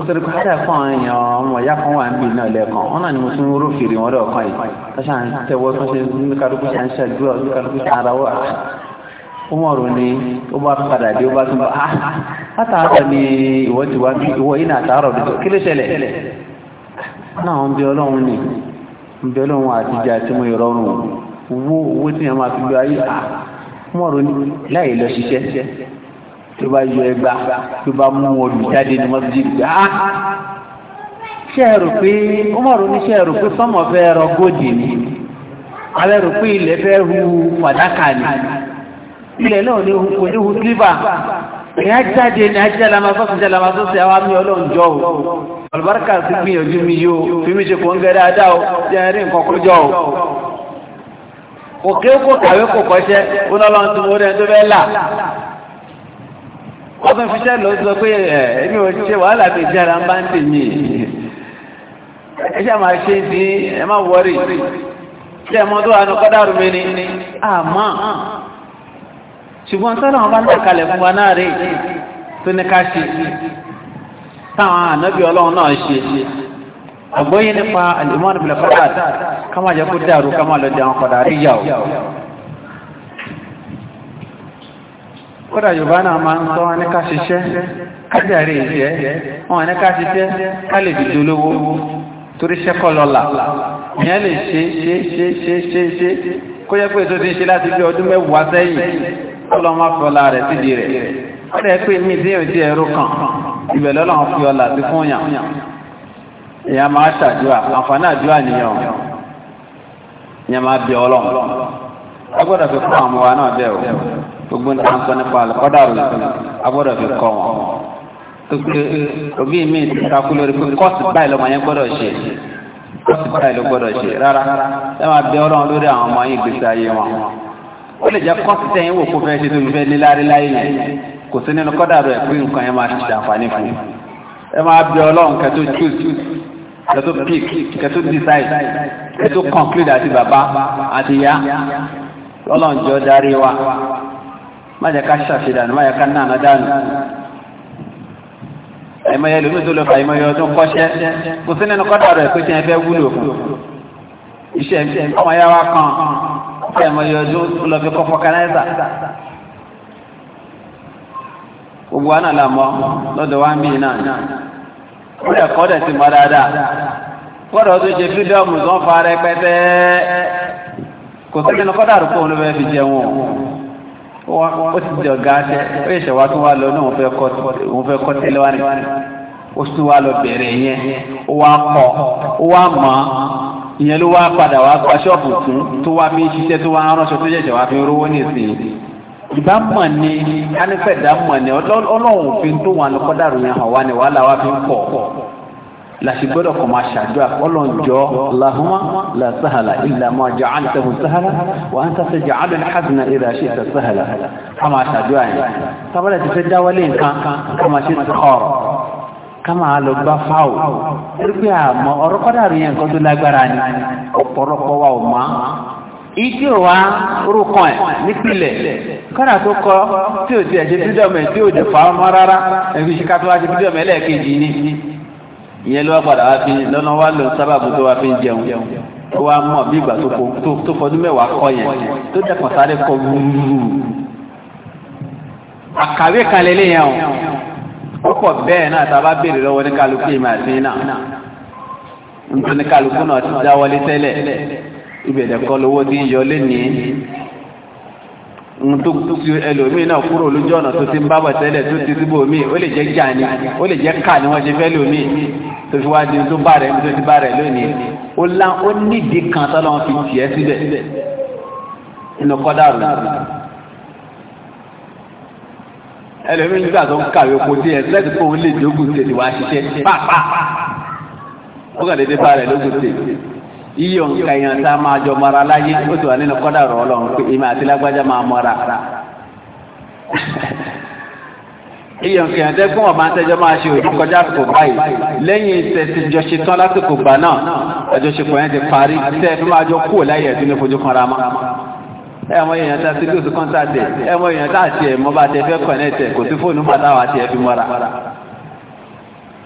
nítorí pé káyà ya èèyàn ọmọ ìyá kan wà náà lẹ́ẹ̀kan wọn náà ni mo tún rò fèrè wọn lọ́ọ̀kan yìí wọ́n ṣàn tẹ́wọ́ tó ṣe ní kálukú ṣàdúrà ní kálukú ara wà. ó mọ̀rún ni ó bá padà dé ó bá tún bá a ah, látàárọ̀ ni ìwọ ti wá bí ìwọ yìí náà tó bá yọ ẹgbà tó bá mú olùjáde ní mọ́sídìí gbà á. sẹ́ẹ̀rù pé ọmọrùn ní sẹ́ẹ̀rù pé sọ́mọ̀ fẹ́ rọ góòdì ni alẹ́ rò pé ilẹ̀ fẹ́ hu fàdákà ni ilẹ̀ náà ní kò ní hu sílíbà ìyá jáde ní ajá lama sọ́sì jẹ́ lama sọ́sì àwọn àmì ọlọ́run jọ o alùbáríkà ti gbìyànjú mi yóò fi mi ṣe kò ń gẹ́rẹ́ adá o jẹ́ nǹkan kó jọ o òkè kò kàwé kò kọ́ṣẹ́ ó lọ́n wọ́n tún fiṣẹ́ lọ sọ pé ṣe wàhálà tó jẹ́ ara ń bá ń tè mí ẹ ṣe máa ṣe sí ẹ má ọdụ ṣe ẹ̀mọ́ tó mi ni àmọ́ ṣùgbọ́n tọ́lá wọn bá ń tàkalẹ̀ fún wa náà tó ní ká ṣe táwọn ànábì ọlọ́run náà ṣe nípa bìlẹ̀ dàrú kódà yorùbá náà máa ń sọ sise ní ká kájàrí ìṣẹ́ wọn ní ká ká lè dìde olówó torí ṣẹ́kọ̀ lọ́la ìyẹn lè ṣe ṣe ṣe ṣe kó yẹ pé tó ti ṣe láti bí ọdún mẹ́wàá sẹ́yìn ọlọ́mọ fọlá rẹ̀ rẹ̀ kódà pé mi ti kan fi ọlà sí fún yàn èèyàn máa ṣàdúrà àǹfààní àdúrà nìyẹn o máa bí agbọ́dọ̀ fi fún àwọn ọmọ wa náà gbogbo ní àwọn sọ́ni pa àlùkọ́dà rẹ̀ agbọ́dọ̀ fi kọ́ wọn. òbí mi ti takú lórí pé kọ́ọ̀sì báyìí lọ́mọ yẹn gbọ́dọ̀ ṣe kọ́ọ̀sì báyìí ló gbọ́dọ̀ ṣe rárá ẹ máa bẹ ọlọ́run lórí àwọn ọmọ yìí gbèsè ayé wọn. ó lè jẹ́ kọ́ọ̀sì tẹ̀yìn wò kó fẹ́ẹ́ ṣe tó fi fẹ́ níláárí láyé yẹn kò sí nínú kọ́dà rẹ̀ pé nǹkan yẹn máa ṣàǹfààní fún un. ẹ máa bẹ ọlọ́run kẹ́tó choose kẹ́tó pick kẹ́tó decide kẹ́tó conclude àti bàbá àti ìyá ọlọ́run jọ darí wa má jẹ́ ká ṣàṣìdànù má jẹ́ ká náà dánù àìmọye lómi tó lọ fà àìmọye ọdún kọ́ṣẹ́ kò sí nínú kọ́dà rẹ̀ pé tí ẹ fẹ́ wúlò fún iṣẹ́ ọmọ ya wá kan àìmọye ọdún tó lọ fi kọ́ fọkanáìsà gbogbo wa náà là mọ́ lọ́dọ̀ wa ń bí náà ó lè kọ́ dẹ̀ sí mọ́ dáadáa kọ́dọ̀ tó ṣe fídọ́ọ̀mù tó ń fa rẹpẹtẹ kò sí nínú kọ́dà rẹ̀ pé òun ló fẹ́ fi jẹun ó ti jọ gáàṣẹ́ ó yẹ ṣẹ̀wá tó wá lọ náà wọ́n fẹ́ kọ́ tẹ́lẹ̀ wá ní ó sì wá lọ bẹ̀rẹ̀ yẹn ó wá kọ́ ó wá mọ̀ ìyẹn ló wá padà wá gba ṣọ́ọ̀bù fún tó wá fi ń ṣiṣẹ́ tó wá ń ránṣọ tó ṣẹ̀ṣẹ̀ wá fi ń rówó nísìnyí ìbá mọ̀ ni kánífẹ̀dá mọ̀ ni ọlọ́run òfin tó wà lọ́kọ́dàrú yẹn hàn wá ní wàhálà wá fi ń pọ̀ láti gbọ́dọ̀ kọ̀ máa ṣàdúrà ọlọ́njọ́ Allahumma la sahala illa ma ja'altahu sahala wa anta taj'alu al-hazna idha shi'ta sahala ká máa ṣàdúrà yẹn sábàlẹ̀ ti fẹ́ dáwọ́lé nǹkan ká máa ṣe kọ̀ọ̀rọ̀ ká máa lọ gbá fáwọ̀ pé àmọ́ ọ̀rọ̀ kọ́dà rí yẹn nǹkan tó lágbára ni ọ̀pọ̀lọpọ̀ wa ò máa ìdí wa rúkan ẹ̀ nípìnlẹ̀ kọ́nà tó kọ́ tí ò ti ẹ̀ ṣe fídíọ̀mù ẹ̀ tí ò dẹ̀ fà á mọ́ rárá ẹ̀fíṣiká tó wá ṣe fídíọ̀mù ẹlẹ́ẹ̀kejì ni ìyẹn ló wá padà wá fi lọ́nà wá lọ sábàbù tó wá fi ń jẹun ó wá mọ̀ bí ìgbà tó fọdún mẹ́wàá kọ yẹn tó dẹ̀kọ̀ sáré kọ wúrúwúrú àkàwé kan lélẹ̀ yẹn o ó pọ̀ bẹ́ẹ̀ náà tá a bá béèrè lọ́wọ́ ní kálukú ìmọ̀ àti náà nítorí kálukú náà ti dáwọ́lé tẹ́lẹ̀ ibẹ̀ dẹ̀kọ́ ti ń yọ lé ní tó fi ẹlòmíì náà kúrò lójú ọ̀nà tó ti ń bábọ̀ tẹ́lẹ̀ tó ti síbò mí ó lè jẹ́ jà ní ó lè jẹ́ kà ní wọ́n ṣe fẹ́ lómi tó fi wá di tó bá rẹ̀ tó ti bá rẹ̀ lónìí ó lá ó nídìí kan tọ́lọ́ fi tì ẹ́ síbẹ̀ inú kọ́dà rẹ̀ ẹlòmíì nígbà tó ń kàwé oko tí ẹ lẹ́tí pé òun lè dógùn tètè wá ṣiṣẹ́ pàápàá ó kàn déédéé bá rẹ̀ lógùn tètè iye òǹkà èèyàn tá a máa jọ mọ́ra láyé ó ti wà nínú kọ́dà rọ̀ ọlọ́run pé èmi àti lágbájá máa mọ́ra iye òǹkà èèyàn tẹ́ fún ọ̀bá tẹ́jọ́ máa ṣe òjú kọjá àsìkò báyìí lẹ́yìn iṣẹ́ ti jọ ṣe tán lásìkò gbà náà àjọṣepọ̀ yẹn ti parí tẹ́ ẹ fi máa jọ kúrò láyé ẹ̀tún ní fojú kanra mọ́ ẹmọ èèyàn tá a ti lóṣù kọ́ńtà tẹ̀ ẹmọ èèyàn tá a ti mọ́ bá tẹ fẹ́ kọ̀nẹ́tẹ̀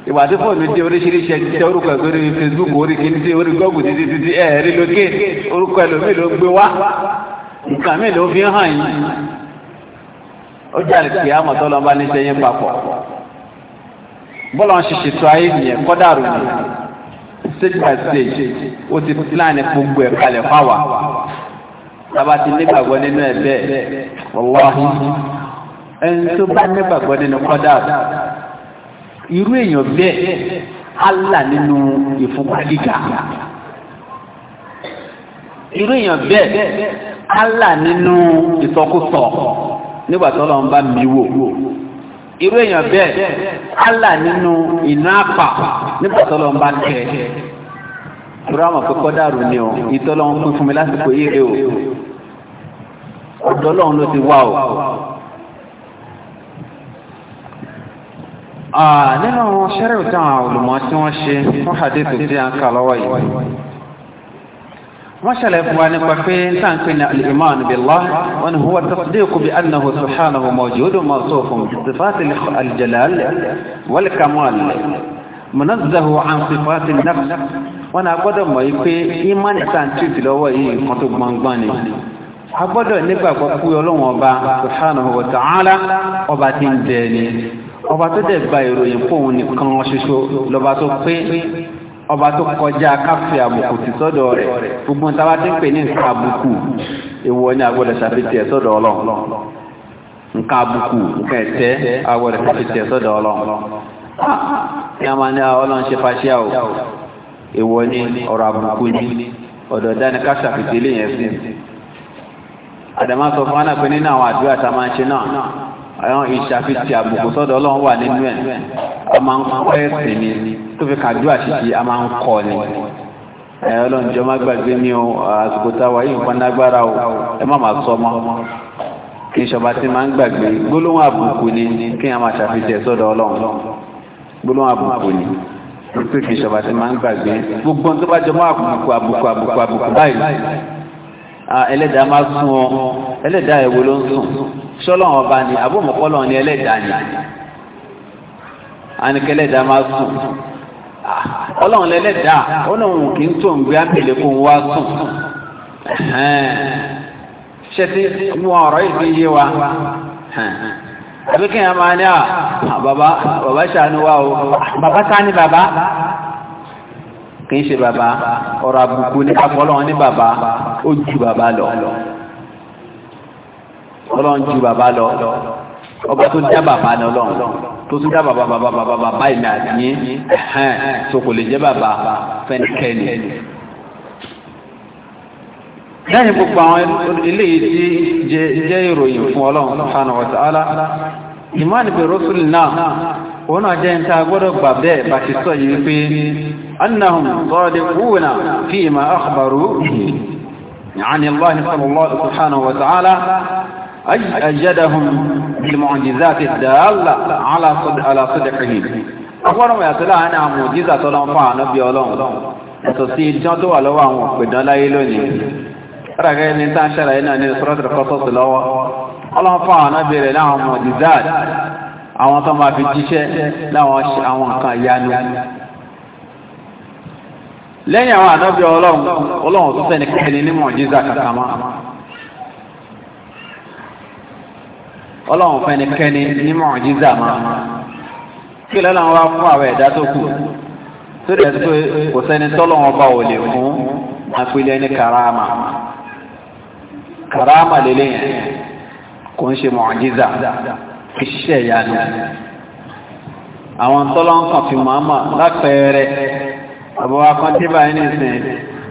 ìwà tí fóònù di oríṣiríṣi ẹni tí orúkọ Facebook orí kìíní sí orí gọ́ọ̀gù títí títí ẹ̀ rí lókè orúkọ ẹlòmíì ló gbé wá nǹkan míì ló fi hàn yín ó jàre kí á mọ̀tọ́ lọ́nba ní sẹ́yìn papọ̀ bọ́lá stage by ti plan gbogbo ẹ̀ kalẹ̀ fáwa ti nínú ẹ̀ bẹ́ẹ̀ ẹni irú èèyàn bẹ́ẹ̀ Allah nínú ìfúnpá gíga irú èèyàn bẹ́ẹ̀ Allah nínú ìsọkúsọ nígbà tó lọ́n bá mi wò irú èèyàn bẹ́ẹ̀ Allah nínú iná àpà nígbà tó lọ́n bá tẹ̀ turama pé kọ́dàrú ni o ìtọ́lọ́n pín fún mi lásìkò yìí rè o ọ̀dọ́ lọ́run ló ti wá o. nínú ṣẹ́rẹ̀ òtí àwọn olùmọ̀ tí wọ́n ṣe fún hadith tí a ń kà lọ́wọ́ yìí wọ́n ṣẹlẹ̀ fún wa nípa pé sáǹkì ní alìmọ́n billah wọn ni huwa tasdiqu bi annahu subhanahu mawjudun mawsufun bi sifati aljalal wal kamal munazzahu an sifati nafs wọn a gbọ́dọ̀ mọ̀ yìí pé imani sáǹkì ti lọ́wọ́ yìí kan tó gbọngbọn ni a gbọ́dọ̀ nígbàgbọ́ pé Ọlọ́hun ọba subhanahu wa ta'ala ọba ti ń jẹ ni ọba tó dẹ̀ gba ìròyìn fóun nìkan ṣoṣo lọba tó pé ọba tó kọjá káfí àbùkù ti sọ́dọ̀ rẹ̀ gbogbo táwa ń pè ní nǹkan àbùkù èèwọ̀ ni agbọ́dọ̀ ṣàfihàn ẹ̀ sọ́dọ̀ ọlọ́run nǹkan àbùkù nǹkan ẹ̀tẹ́ agbọ́dọ̀ ṣàfihàn ẹ̀ sọ́dọ̀ ọlọ́run ah, àwọn ìṣàfihàn àbùkù sọ́dọ̀ ọlọ́run wà nínú ẹ̀ a máa ń kọ́ ẹ̀sìn ni tó fi kàdú àṣìṣe a máa ń kọ́ ni ẹ ọlọ́run jọ má gbàgbé mi o àsìkò táwa yìí nǹkan lágbára o ẹ má máa sọ ọmọ kí ìṣọba ti máa ń gbàgbé gbólóhùn àbùkù ni kí a máa ṣàfihàn ẹ̀ sọ́dọ̀ ọlọ́run gbólóhùn àbùkù ni pé kí ìṣọba ti máa ń gbàgbé sọ́lọ́run ọba ni àbọ̀mọ̀kọ́lọ́ ni ẹlẹ́dàá ni ànikẹ́lẹ́dàá máa sùn ọlọ́run lẹ́lẹ́dàá ọlọ́run kì í tó ń gbé àpèlé kó ń wá sùn ṣe ti mú ọ̀rọ̀ yìí ti yé wa àbíkẹ́ yẹn máa ní à bàbá bàbá ṣàánú wa o bàbá sáni bàbá kì í ṣe bàbá ọ̀rọ̀ àbùkù ní ní bàbá ó ju bàbá ọlọ́run ju bàbá lọ ọba tó dá bàbá ní ọlọ́run tó tún dá bàbá bàbá bàbá bàbá ìmì àdìyẹ ẹ̀hẹ́n tó kò lè jẹ́ bàbá fẹ́nikẹ́ni. lẹ́yìn gbogbo àwọn eléyìí tí jẹ́ ìròyìn fún ọlọ́run subhanahu wa ta'ala ìmáàlì bẹ̀rẹ̀ rọ́sùlì náà òun náà jẹ́ ìta gbọ́dọ̀ gbà bẹ́ẹ̀ bá ti sọ yìí pé annahum sadiquna fima akhbaru 'an Allah subhanahu wa ta'ala أيدهم بالمعجزات الدالة على صدق على صدقه أخبرهم يا سلام أنا معجزة لهم فعنا بيولهم أساسي الجنة ولوهم بدنا لا يلوني رغم أن تنشر هنا أن سورة القصص لو الله فعنا بير لهم معجزات àwọn tó máa fi jíṣẹ́ láwọn àwọn nǹkan ìyanu lẹ́yìn àwọn ànábì ọlọ́run ọlọ́run tó fẹ́ ní kẹ́kẹ́ ní mọ̀jíza kàkàmá ọlọ́run fẹnikẹ́ni ní mọ̀jíza máa kí lọ́la wa fún àwọn ẹ̀dá tó kù tó dẹ̀ tó kò sẹ́ni tọ́lọ́wọ́n bá ò lè fún apilẹ̀ ní karama karama lélẹ̀ yẹn kò ń ṣe mọ̀jíza kì í ṣe ìyanu àwọn tọ́lọ́wọ́n kan fi màmá lápẹẹrẹ àbúrò akọ́ńtì báyìí nìsín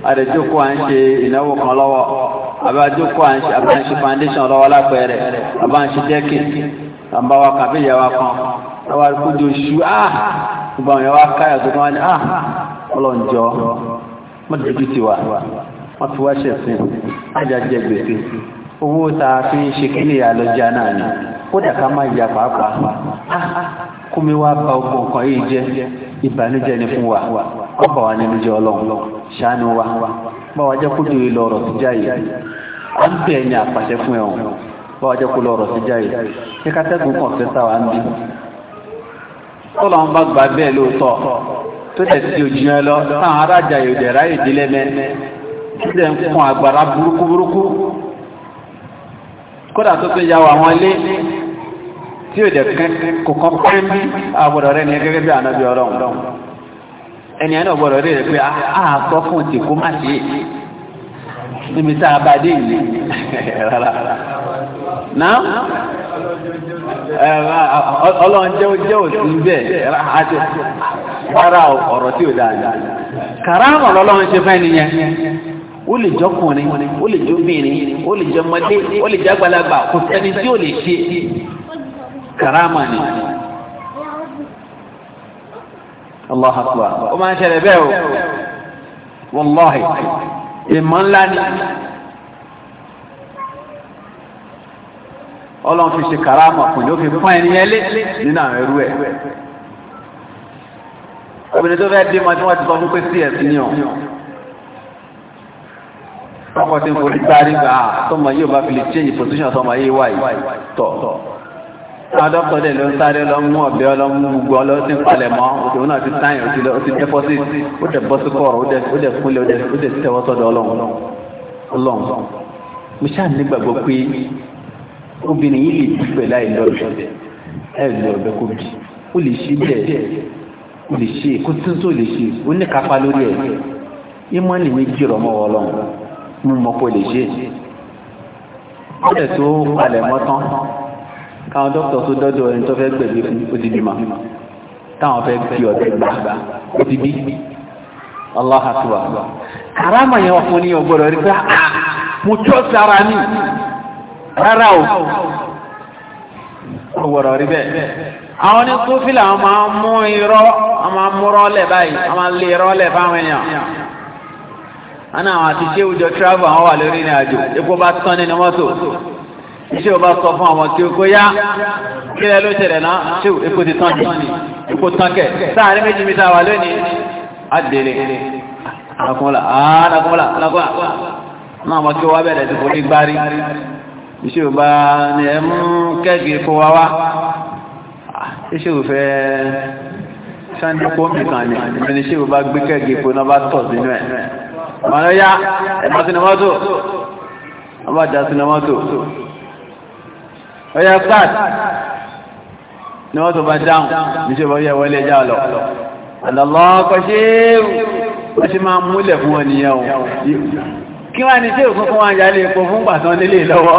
àdèjókòó à ń ṣe ìnáwó kan lọ́wọ́ abajoko abanṣe foundation lọ́wọ́ lápẹẹrẹ abanṣe dẹ́kìn àbáwá kàbí ìyàwó kan lọ́wọ́ àrùkúdò ṣú áà gbogbo àwọn ìyàwó káyà tó ah! wá ní áà ọlọ́njọ́ wọ́n dojú ti wà wọ́n fi wá ṣẹ̀sìn ájájẹ gbèsè owó tá a fi ń ṣe kílè àlọ́jà náà ni kódà ká má ya pàápàá ah! ah! kómi wá ba ogun kan yìí jẹ́ ìbànújẹ́ ni fún wa ọ̀bà wa nínú jẹ́ ọlọ́run ṣàánú wa báwa jẹ́ kó lè lọ sí jáyé à ń bẹ̀ ẹ̀yìn àpàṣẹ fún ẹ̀ báwa jẹ́ kó lọ ọ̀rọ̀ sí jáyé kí kátẹ́gùn kan fẹ́ sáwà ń bí tọ́lọ́ ń bá gbà bẹ́ẹ̀ lóòótọ́ tó ojú lọ táwọn arájà ráyè délé mẹ́ ń fún burúkú burúkú kódà tó yà wà wọn lé tí ẹni àná gbọ́dọ̀ rẹ̀ pé àtọ́ ah, ah, fún ti kó má ṣe níbi tá a bá dé ìlú rárá náà ọlọ́run jẹ́ òsì ọ̀rọ̀ tí ó dáadáa kàrámọ̀ lọ́lọ́run ṣe fẹ́ nìyẹn ó lè jọkùnrin ó lè ó lè jọmọdé ó lè jágbàlagbà kò sẹ́ni tí lè Allahu Akbar ó máa ń ṣẹlẹ̀ bẹ́ẹ̀ o wàláhì ìmọ̀ ńlá ni ọlọ́run fi ṣe kàrámà kùn ló fi pọ́n ẹni ẹlé nínú àwọn ẹrú ẹ̀ obìnrin tó fẹ́ dé ma tí wọ́n ti sọ fún pé sí ẹ̀sìn ní ọ̀ ọkọ̀ tí ń forí gbárí gbà tó yóò bá fi lè change position tó mọ̀ wáyé tọ̀ adọ́kọ̀ dẹ̀ ló ń sáré lọ mú ọ̀bẹ ọlọ́mú gbogbo ọlọ́sìn palẹ̀ mọ́ òun náà ti sáyìn ó ti lọ ó ti dẹ́pọ́sì ó dẹ̀ bọ́sí kọ̀ọ̀rọ̀ ó dẹ̀ kúnlẹ̀ ó dẹ̀ tẹ́wọ́ sọ́dọ̀ ọlọ́run ọlọ́run mo ṣáà nígbàgbọ́ pé obìnrin yìí lè dúpẹ́ láì lọ́dọ̀ ẹ̀ lọ ọ̀bẹ kò bí ó lè ṣe bẹ́ẹ̀ ó lè ṣe kó tí tó lè ṣe ó ní kápá lórí ẹ̀ ìmọ̀ ni mi jìrọ̀ mọ́ ọlọ́run mo mọ̀ pé ó lè ṣe káwọn dókítà tó dọ́dọ̀ ẹni tó fẹ́ gbẹ̀bí fún odidi ma táwọn fẹ́ fi ọ̀dẹ́ gbà odidi Allahu Akbar karama yẹn wà fún ní ọgbọ́dọ̀ rí pé ah, ah, mo tọ́ sára ní rárá o ọgbọ́dọ̀ rí bẹ́ẹ̀ àwọn ní sófìlà àwọn máa ń mú irọ́ àwọn máa ń mú rọ́ọ̀lẹ̀ báyìí àwọn máa ń lé rọ́ọ̀lẹ̀ fáwọn ènìyàn wọn náà àwọn àti ṣé ìjọ travel àwọn wà lórí ìrìn àjò epo bá tán nínú mọ́tò iṣẹ́ o bá sọ fún àwọn tí o kó yá kí ẹ ló ṣẹlẹ̀ náà ṣé epo ti tán ni epo tán kẹ̀ sáàrin méjì mi sáà wà lónìí àdèrè àkúnlá àkúnlá àkúnlá náà wọ́n kí wọ́n bẹ̀rẹ̀ tó kó ní gbárí iṣẹ́ o bá ní ẹ mú kẹ́gì kó wá wá iṣẹ́ o fẹ́ sáńdé pọ́ǹpì kan ni ìmìnira iṣẹ́ o bá gbé kẹ́gì kó náà bá tọ̀ sínú ẹ̀ mọ̀ ọ́ yá ẹ̀ bá sinimọ́tò ọba dá sinimọ́tò ọ̀yà start ni wọ́n tó bá dáhùn níṣẹ́ bọ́ yẹ wọlé já lọ àlọ́lọ́kọ̀ ṣe ó ṣe máa múlẹ̀ fún wọn nìyẹn o kí wá ní ṣe òkú fún wọn jálé epo fún pàtán nílé lọ́wọ́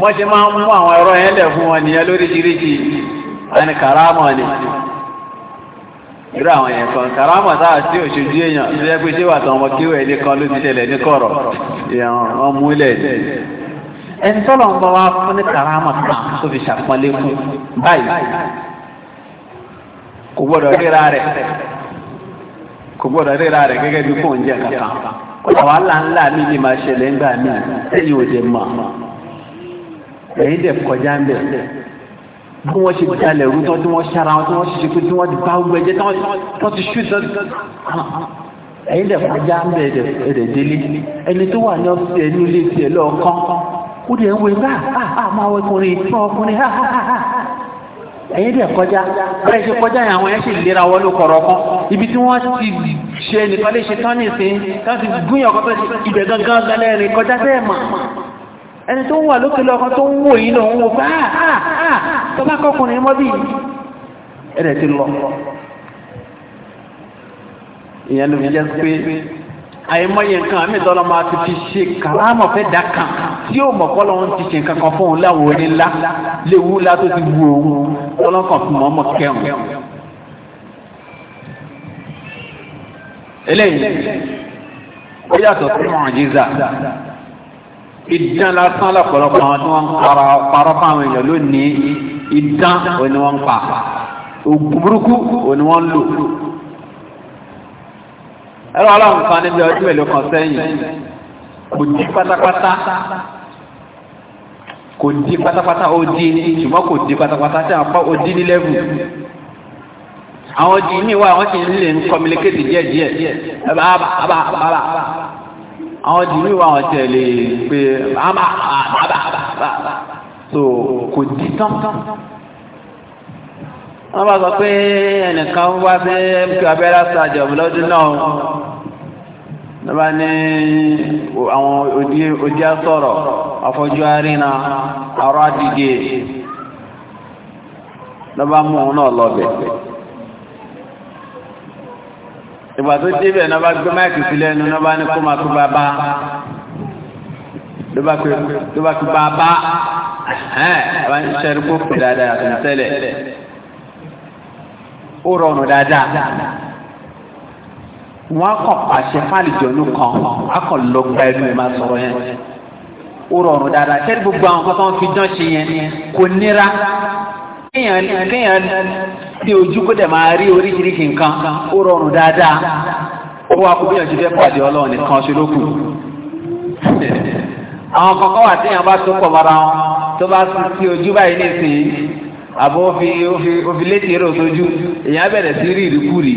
wọ́n ṣe máa mú àwọn ẹ̀rọ yẹn lẹ̀ fún wọn nìyẹn lóríṣiríṣi àni kàrámọ̀ ni irú àwọn yẹn kan kàrámọ̀ táà sí òṣojú èèyàn ṣe pé ṣé wà tán ọmọ kíwẹ̀ ní kan ló ti ṣẹlẹ̀ ní kọ̀rọ̀ ìyẹn wọn múlẹ̀ ẹni tọ́lọ̀ ń bá wa fún ní karama kan tó fi ṣàpọ́nlé fún báyìí kò gbọ́dọ̀ ríra rẹ̀ kò gbọ́dọ̀ ríra rẹ̀ gẹ́gẹ́ bí fóun jẹ́ kankan kọ́tà wà láńlá mi ni màá ṣẹlẹ̀ ńgbà mi ẹ̀yìn ò jẹ́ mọ́ ẹ̀yìn dẹ̀ kọjá ń bẹ̀ bí wọ́n ṣe dalẹ̀ rú tán tí wọ́n ṣara wọn tí wọ́n ṣe kú tí wọ́n ti bá wúwẹ́ jẹ́ tán ti ṣú tán ẹ̀yìn dẹ̀ kọjá ń bẹ̀ ẹ̀dẹ̀ délé ẹni tó wà ní ọ̀sẹ̀ ẹni ilé tiẹ̀ lọ́ọ̀kan ó dẹ̀ ń wo ẹgbẹ́ àmọ́ ah, ah, ah, àwọn ọkùnrin ọkùnrin ẹ̀yìn dẹ̀ kọjá bẹ́ẹ̀ ṣe kọjá yẹn àwọn yẹn ṣì lera wọn ló kọ̀rọ̀ kan ibi tí wọ́n ti ṣe nìkan lè ṣe tán nìsín tán ti gúnyàn kan tó ṣe ibẹ̀ gangan galẹ̀ rìn kọjá bẹ́ẹ̀ mọ̀ ẹni tó ń wà lókè lọ́kàn tó ń wò yín lọ ń wò pé tó bá kọkùnrin mọ́ bí ẹ̀rẹ̀ ti lọ ìyẹn ló fi jẹ́ pé àìmọye nǹkan àmì ìdọ́lọ́mọ àti fi ṣe kàrámọ̀ fẹ́ dà kàn tí ó mọ̀ kọ́lọ́ ń ti ṣe nǹkan kan fún un láwọn onílá léwu ńlá tó ti wu òun ọlọ́kàn fún mọ́mọ́ kẹrùn. eléyìí ó yàtọ̀ sí mọ̀jíza ìdán lásán lọ́pọ̀lọpọ̀ àwọn tí wọ́n ń parọ́ fáwọn èèyàn lónìí ìdán òní wọ́n ń pa ògùn burúkú òní wọ́n ń lò ẹ̀rọ aláǹfààní bí ọdún mélòó kan sẹ́yìn kò jí pátápátá kò di pátápátá ó di ṣùgbọ́n kò di pátápátá tí a fa ó di ní lẹ́vù. àwọn jìnnì wa àwọn kì í lè ń kọmílíkéètì díẹ̀ díẹ̀ ẹ̀bà àbà àbà àwọn jìnnì wa àwọn tẹ̀ lè pe àbà àbà àbà so kò di tán tán. wọ́n bá sọ pé ẹnìkan wá sí mk abẹ́rẹ́ sájà ọ̀bùlọ́dún náà. nígbà ní àwọn òdi asọ̀rọ̀ afọ́jú arínà arọ́ àdìgẹ́ lọ́ba mú òun náà lọ́bẹ̀ ìgbà tó débẹ̀ náà bá gbé máìkì sílẹ̀ ẹnu náà bá ní kó máa tó bá bá ló bá bá bá kó pè dáadáa àtúntẹ́lẹ̀ ó rọrùn dáadáa. wọn kọ pàṣẹ fàlìjọ́nù kan akọlọgba ẹnu ẹ̀ máa sọ̀rọ̀ yẹn ó rọrùn dáadáa sẹ́ni gbogbo àwọn kan tó ń fi dán ṣe yẹn kò nira kéèyàn kéèyàn ní ojú kó dẹ̀ máa rí oríṣiríṣi nǹkan ó rọrùn dáadáa ó wá kó bíyànjú fẹ́ pàdé ọlọ́run nìkan ṣe lókù àwọn kọ̀ọ̀kan wà téèyàn bá tó pọ̀ mọ́ra wọn tó bá sùn ojú báyìí nísìnyí àbọ̀ ó fi létí èrò sójú èèyàn bẹ̀rẹ̀ sí rí ìrìkúrì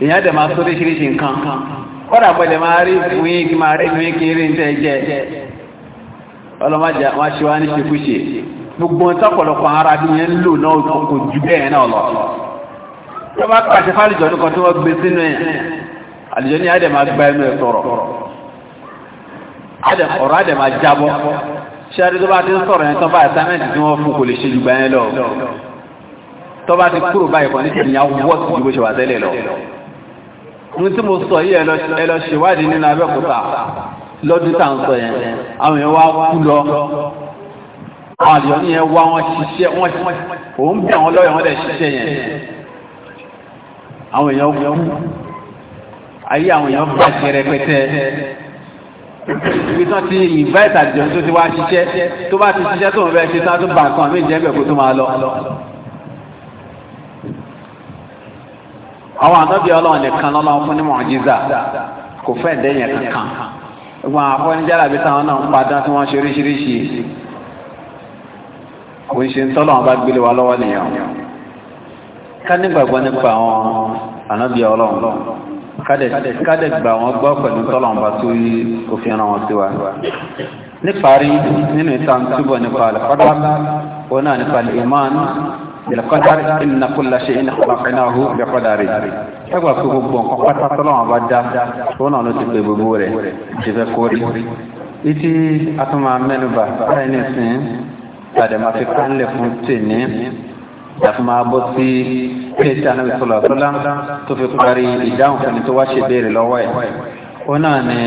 èèyàn dẹ̀ máa sórí ṣíríṣì nǹkan kọ́dà pẹ̀lẹ̀ máa rí fún yí kí máa rí fún yí kí rí ń tẹ́ jẹ́ ọlọ́májá wá ṣe wá ní ṣekúṣe gbogbo ọ̀tọ́pọ̀lọpọ̀ ara bí yẹn lò náà kò jù bẹ́ẹ̀ náà lọ tó bá pàṣẹ fálìjọ ní kan tí wọ́n gbé sínú ẹ̀ àlìjọ ní àdẹ̀ máa gba ẹnu ẹ̀ sọ̀rọ̀ ọ̀rọ̀ àdẹ̀ máa jábọ́ ṣé adé tó bá ti ń sọ̀rọ̀ yẹn tán bá àtàmẹ́ǹtì tí wọ́n fún kò lè ṣe jù gbà yẹn kúrò báyìí kan ní ìyàwó wọ́ọ̀tì ju bó ṣe wà tẹ́lẹ̀ lọ ní tí mo sọ yìí ẹlọ ṣèwádìí nínú abẹ́kúta lọ́dún tá ń sọ yẹn àwọn yẹn wá kú lọ àwọn àjọ ní yẹn wá wọn ṣiṣẹ́ wọn òun bí àwọn lọ́yọ̀ wọn dẹ̀ ṣiṣẹ́ yẹn àwọn èèyàn kú ayé àwọn èèyàn bàjẹ́ rẹpẹtẹ ibi tán ti invite àjọ tó ti wá ṣiṣẹ́ tó bá ti ṣiṣẹ́ tó ń bẹ́ẹ̀ ṣe tá tó bá nǹkan mí jẹ́ kó tó máa lọ. àwọn ànábì ọlọ́run nìkan lọ́lọ́run fún ní mọ̀jíza kò fẹ́ dẹ́yìn kankan wọn àfọ́nijára bí táwọn náà ń padà tí wọ́n ṣe oríṣiríṣi kò ń ṣe ń tọ́lọ́run bá gbélé wa lọ́wọ́ nìyẹn ká nígbàgbọ́ nípa àwọn ànábì ọlọ́run kádẹ̀ gbà wọ́n gbọ́ pẹ̀lú tọ́lọ́run bá tó yí òfin ara wọn sí wa níparí nínú ìtàn túbọ̀ nípa àlùfáà ó náà nípa ìmánì bilqadar inna kulla shay'in khalaqnahu biqadari ẹgbà pé gbogbo nǹkan pátá tọ́lọ́wọ́n bá dá ó náà ló ti pè gbogbo rẹ̀ jẹ́fẹ́ kórè ìtí atọ́mọ mẹ́nuba ni nìsín tàdẹ̀mà fi kánlẹ̀ fún tèmi àtúmọ̀ abọ́ sí pété anábì sọlọ àtọ́lá tó fi parí ìdáhùn fún ẹni tó wá ṣe béèrè lọ́wọ́ ẹ̀ ó náà ní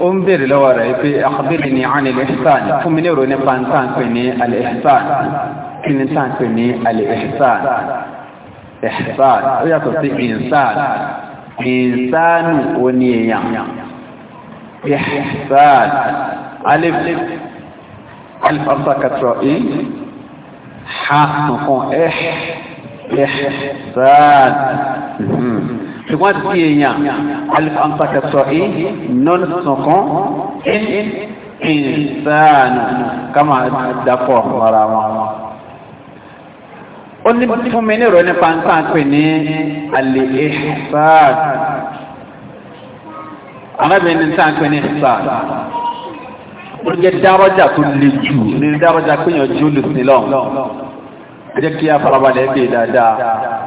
ó ń bèèrè lọ́wọ́ rẹ̀ pé àkọ́bẹ̀rẹ̀ ni a nílẹ̀ ihsan fún mi lérò nípa tàǹpè ní al-ihsan kí ni tàǹpè ní al-ihsan ihsan ó yàtọ̀ sí insan insanu ó ní èèyàn ihsan alif alif ọ̀sà kàtọ̀ in ha nǹkan ihsan hmm ṣùgbọ́n ti èèyàn alifampakẹsọ ẹ nọ́ọ̀sọ̀kan ìnsáàánù kama dapọ̀ mọ́ra mara ó ní fún mi ní ìròyìn nípa ń tàn pè ní alẹ́ ìṣáà arábìnrin ní tàn pè ni ìṣáà ó jẹ́ dárọ́jà tó le jù ní dárọ́jà pé yànjú lùsìn lọ́wọ́ jẹ́ kí a farabalẹ̀ dé dáadáa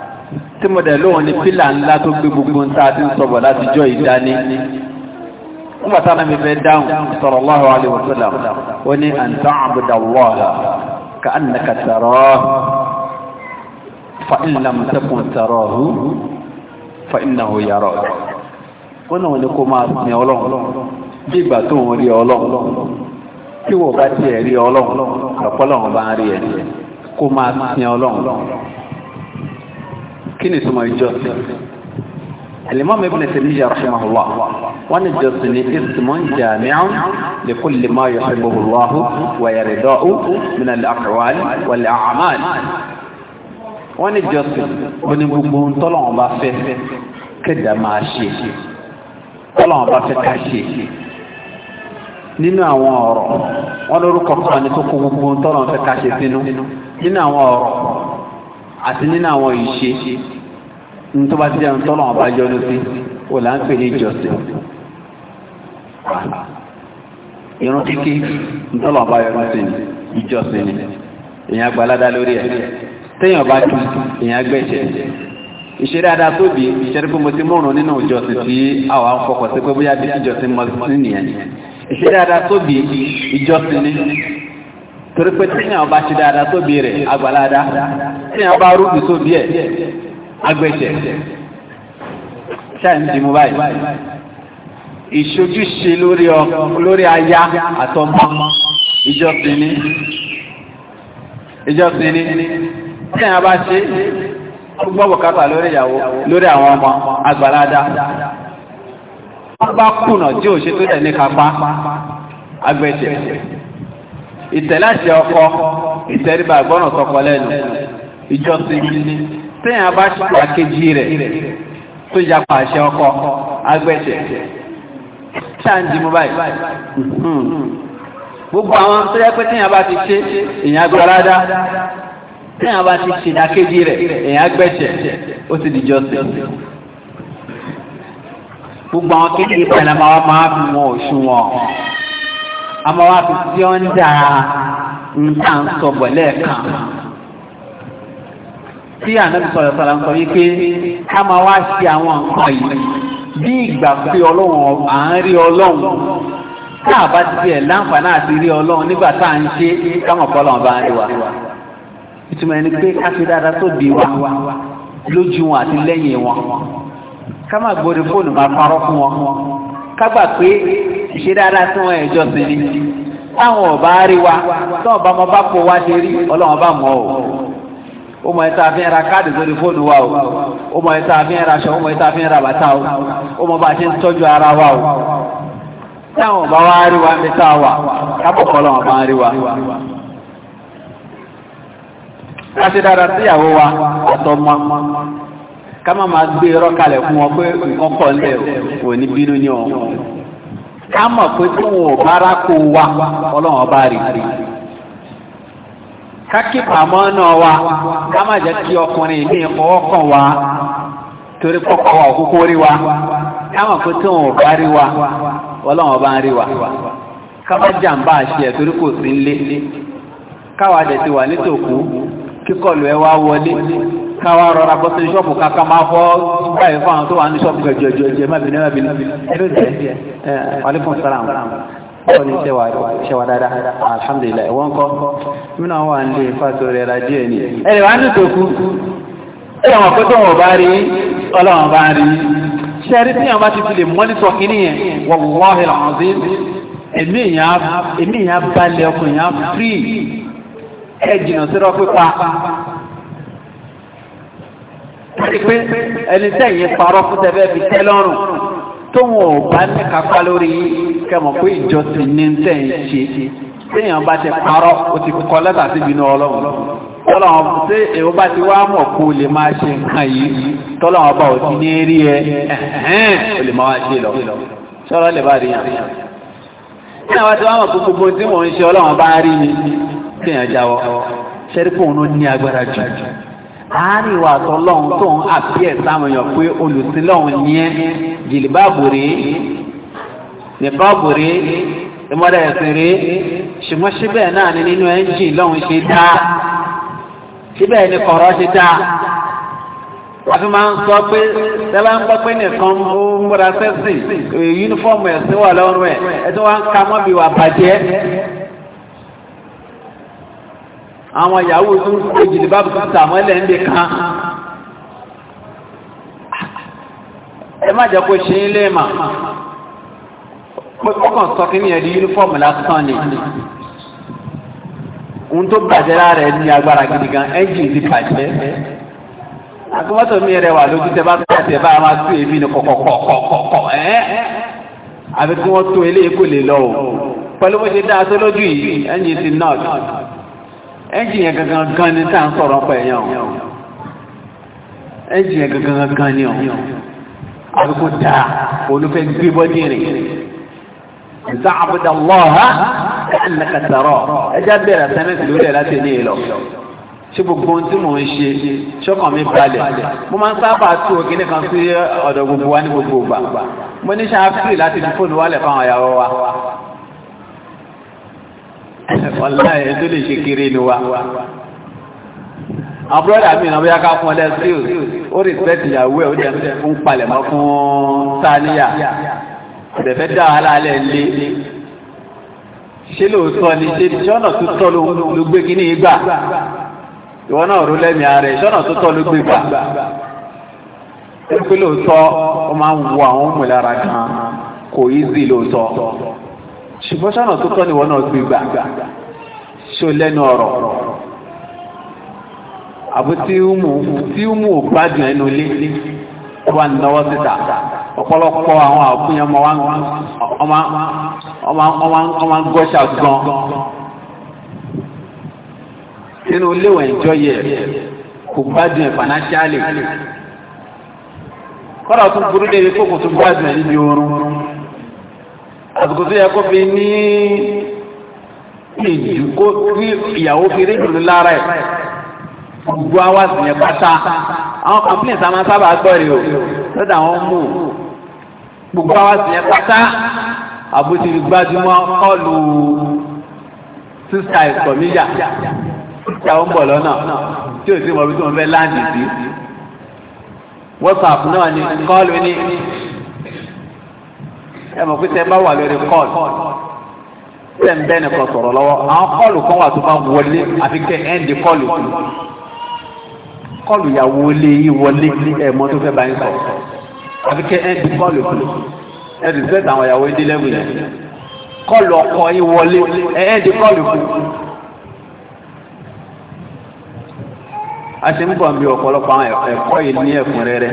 tí mo dẹ̀ lóhun ni pílà ńlá tó gbé gbogbo ń sáà tí ń sọ̀bọ̀ láti jọ ìdání nígbà táwọn mi fẹ́ dáhùn sallallahu alaihi wa sallam ó ní an ta'buda Allaha ka'annaka tarahu fa in lam takun tarahu fa kí ni ìtumọ̀ ìjọsìn alimami ibn Taymiyyah rahimahullah wọn ni jọsìn ni ismun jami'un li kulli ma yuhibbuhu Allah wa yardahu min al-aqwal wal a'mal wọn ni jọsìn oní gbogbo ntọ́lọ́wọ́n bá fẹ́ kéde máa ṣe tọ́lọ́wọ́n bá fẹ́ ká ṣe nínú àwọn ọ̀rọ̀ wọn lórúkọ kan ní kókó gbogbo ntọ́lọ́wọ́n fẹ́ ká ṣe sínú nínú àwọn ọ̀rọ̀ àti nínú àwọn ìṣe ní tó bá ti jẹun tọ́lọ̀ ọba bá sí ò là ń pè ní ìjọsìn irun kíkí ntọ́lọ̀ ọba yọnu sí ìjọsìn ni gbalada lórí ẹ̀ téèyàn bá kí èèyàn gbẹ̀ṣẹ̀ ìṣe dáadáa tó bí pé mo ti mọ̀ràn nínú ìjọsìn tí àwọn afọkọ̀ sí pé bóyá bí ìjọsìn sí nìyẹn ìṣe dáadáa tó ni torí pé tíyàn ọba ṣe dáadáa sóbi agbalada agbàládá tíyàn ọba rúbi sóbi ẹ̀ agbẹ̀jẹ̀ ṣáà ń di mú báyìí ìṣojúṣe lórí ọ lórí aya àtọmọ ìjọsìn ní ìjọsìn ní ṣe bùkátà lórí ìyàwó lórí àwọn ọmọ agbalada ọba kùnà tí ò ṣe kápá ìtẹ̀láṣẹ ọkọ ìtẹríba àgbọ́nà ọkọ lẹ́nu ìjọsìn téèyàn bá ṣe àkejì rẹ̀ tó yapa àṣẹ ọkọ agbẹ́sẹ̀ ṣáàǹdì mú báyìí hmm. gbogbo àwọn tó yẹ pé téèyàn bá ti ṣe èèyàn agbáradá téèyàn bá ti ṣe àkejì rẹ̀ èèyàn agbẹ́sẹ̀ ó ti di ìjọsìn gbogbo àwọn kékeré pẹ̀lú máa fi wọn òṣùwọ̀n. àmọ́ wá fi tí ó ń dà nǹkan sọ̀bọ̀ lẹ́ẹ̀kan tí ànábi sọ̀rọ̀ sọ̀rọ̀ ń sọ wípé ká máa wá a bá ti tiẹ̀ láǹfààní àti rí ọlọ́run nígbà tá à ń ṣe káwọn ọ̀pọ̀lọ́run bá ń wa. ìtumọ̀ ẹni pé ká fi dáadáa tó di wa lójú wọn àti lẹ́yìn wọn ká má gbórí fóònù máa parọ́ fún wọn ká gbà ìṣe dáadáa tí wọ́n ẹ̀jọ́ sí ni táwọn ọba rí wa táwọn ọba ọmọ bá pọ̀ wá ṣe rí ọlọ́wọ́n bá mọ̀ ọ́ ó mọ ẹta fi ń ra káàdì sórí fóònù wa o ó mọ ẹta fi ń ra aṣọ ó mọ ẹta fi ń ra bàtà o ó mọ bá a ṣe ń tọ́jú ara wa o táwọn ọba wa rí wa ń bí táwa wà bá ń rí wa káṣí dára síyàwó wa àtọmọ ká má máa gbé irọ́ fún wọn pé nǹkan kọ́ ń lẹ̀ kò ní bínú ní ọ̀hún. ká mọ̀ pé tí wọn ò bára kó wa ọlọ́run ọba rè é kákì pàmò náà wa ká má jẹ́ kí ọkùnrin ní ọwọ́ kan wa torí kọ́kọ́ wa òkúkú rí wa ká mọ̀ pé tí wọn ò bá rí wa ọlọ́run ọba ń rí wa ká má jàǹbá àṣẹ torí kò sí ń lé káwa dẹ̀ ti wà nítòkú. kíkọlù ẹ wá wọlé káwá rọra bọ́ sí ṣọ́ọ̀bù kankan máa fọ́ báyìí fún àwọn tó wà ní ṣọ́ọ̀bù gẹ̀jọ̀jọ̀ ẹ̀jẹ̀ má bínú má bínú ẹ̀rọ jẹ́ ẹ̀ ṣe wà ṣe wà dáadáa alhamdulillah wọ́n kọ́ mínú àwọn wà ní ìfàṣọ rẹ̀ ra díẹ̀ ni ẹ̀rẹ̀ wà ní tòkú ẹ̀rẹ̀ wọn kó tó wọn bá rí ọlọ́wọ́n bá rí ṣẹ́rí tí àwọn bá ti fi lè mọ́nítọ̀ kí nìyẹn wọ́n wọ́n hẹ̀ lọ́wọ́n sí ẹ̀mí ìyá balẹ̀ ọkùnrin yá fírì ẹ jìnnà sírọ́ pípa pé ẹni tẹ̀yìn parọ́ fún tẹ́fẹ́ fi tẹ́ lọ́rùn tóun ò bá ní kápá lórí kẹmọ̀ pé ìjọsìn ní tẹ̀yìn ṣe téèyàn bá ti parọ́ ó ti kọ́ lẹ́tà síbi náà ọlọ́run tọ́lọ́wọ́n tí èwo bá ti wá mọ̀ kó lè máa ṣe nǹkan yìí tọ́lọ́wọ́n bá ò ti ní rí ẹ ẹ̀hẹ́n ó lè máa ṣe lọ ṣọ́rọ́ lè bá rí yàn. ní àwọn tí wọ́n mọ̀ gbogbo tí mò ń ṣe ọlọ́run bá rí ni kéèyàn jáwọ́ ṣẹ́ríkò òun ní agbára jù àárín ìwà àtọ́lọ́hún tó ń àpíẹ̀ sáwọn èèyàn pé olùsílọ́hún ní ẹ́ jìlìbáàbò rèé nìbáàbò rèé ìmọ̀dà ẹ̀sìn ṣùgbọ́n síbẹ̀ náà ni nínú ẹ́ńjì lọ́hún ṣe dá síbẹ̀ ni kọ̀rọ̀ ṣe dá wọ́n fi máa ń sọ pé tẹ́lá ń gbọ́ pé nìkan ń múra sẹ́sìn yúnífọ́ọ̀mù ẹ̀sìn wà lọ́rùn ẹ̀ ẹ̀ tí wọ́n ń ka mọ́bí wà bàjẹ́ àwọn ìyàwó tó ń kó jìlì bá bùkún tàwọn ẹlẹ́ǹdẹ̀ kan ẹ má jẹ́ kó ṣe ń lé mà ọkàn sọ kí ni ẹ̀rí yúnífọ́ọ̀mù lásán ni ohun tó bàjẹ́ lára ẹ̀ ní agbára gidi gan ẹ́ńjìn ti bàjẹ́ agbọ́mọ́tò mi rẹ̀ wà lójú tẹ bá tẹ̀ tẹ̀ bá máa tú èmi ní kọ̀kọ̀kọ̀kọ̀kọ̀ ẹ́ àbí kí wọ́n tó eléyìí kò lè lọ o pẹ̀lú bó ṣe dáa tó lójú yìí ẹ́ńjìn ti náà ẹ́jì yẹn gangan gan ni tá ń sọ̀rọ̀ pẹ̀ yẹn o ẹ́jì yẹn gangan gan ni o àbíkú ta olùfẹ́ gbé bọ́dí rẹ̀ ìta àbúdà lọ́ha ẹ̀ẹ́nìkan tẹ̀rọ ẹjá bẹ̀rẹ̀ sẹ́nẹ̀tì lórí ẹ̀ láti ní ìlọ ṣé gbogbo ohun tí mò ń ṣe ṣọ́kàn mi balẹ̀ mo máa ń sábà tú òkè nìkan sí ọ̀dọ̀ gbogbo wa ní gbogbo ìgbà mo ní sáà fìrì láti fóònù wálẹ̀ fáwọn ìyàwó wa wàláyé tó lè ṣe kiri ni wa àwọn brọ́dà mi náà bí aká fún ọlẹ́ sí ó rí pẹ́tì ìyàwó ẹ̀ ó jẹ́ fún palẹ̀mọ́ fún sáníyà ọ̀dẹ̀fẹ́ dá aláàlẹ́ lé ṣe lóòótọ́ ni ṣe ṣọ́nà tó tọ́ ló gbé kí ní ìgbà ìwọ náà rú lẹ́mí ààrẹ ṣọ́nà tó tọ́ ló gbé gbà ó pé lóòótọ́ ó máa ń wo àwọn òmùlára kan kò í sí lóòótọ́ ṣùgbọ́n sọ́nà tó tọ́ níwọ̀n náà gbé gbà ṣó lẹ́nu ọ̀rọ̀ àbí tí umu tí ẹnu ilé ó bá náwó ọ̀pọ̀lọpọ̀ àwọn àkúnyẹ ọmọ gọ́ṣà gan nínú yẹ kò ẹ̀ tún burú kókò tún ẹ̀ níbi oorun. àsìkò tó yẹ kó fi ní ìdí kó rí ìyàwó fi rí ìdùnnú lára ẹ̀ gbogbo àwa sì yẹn pátá àwọn complaints àwọn sábà gbọ́ rè o lọ́dọ̀ àwọn mú gbogbo àwa sì yẹn pátá àbúṣe gbajúmọ̀ kọlù sísá ẹ̀kọ́ níyà sísá ó ń bọ̀ lọ́nà tí ò sí mọ̀ bí tí wọ́n fẹ́ láǹdì sí wọ́sàpù náà ni kọlù ni ẹ mọ̀ pé tẹ bá wà lórí kọ́ọ̀lù tẹ ń bẹ́ẹ̀ nìkan sọ̀rọ̀ lọ́wọ́ àwọn kọ́ọ̀lù kan wà tó bá wọlé àfi kẹ́ ẹ̀ ń di kọ́ọ̀lù kù kọ́ọ̀lù yà wọlé yìí wọlé ẹ̀ mọ́ tó fẹ́ bá yín sọ àfi kẹ́ ẹ̀ ń di kọ́ọ̀lù kù ẹ̀ rìsẹ́t àwọn ìyàwó ìdílé wù kọ́ọ̀lù ọkọ yìí wọlé ẹ̀ ń di kọ́ọ̀lù kù. a ṣe ń bọ̀ bí ọ̀pọ̀lọpọ̀ àwọn ẹ̀kọ́ yìí ní ẹ̀kúnrẹ́rẹ́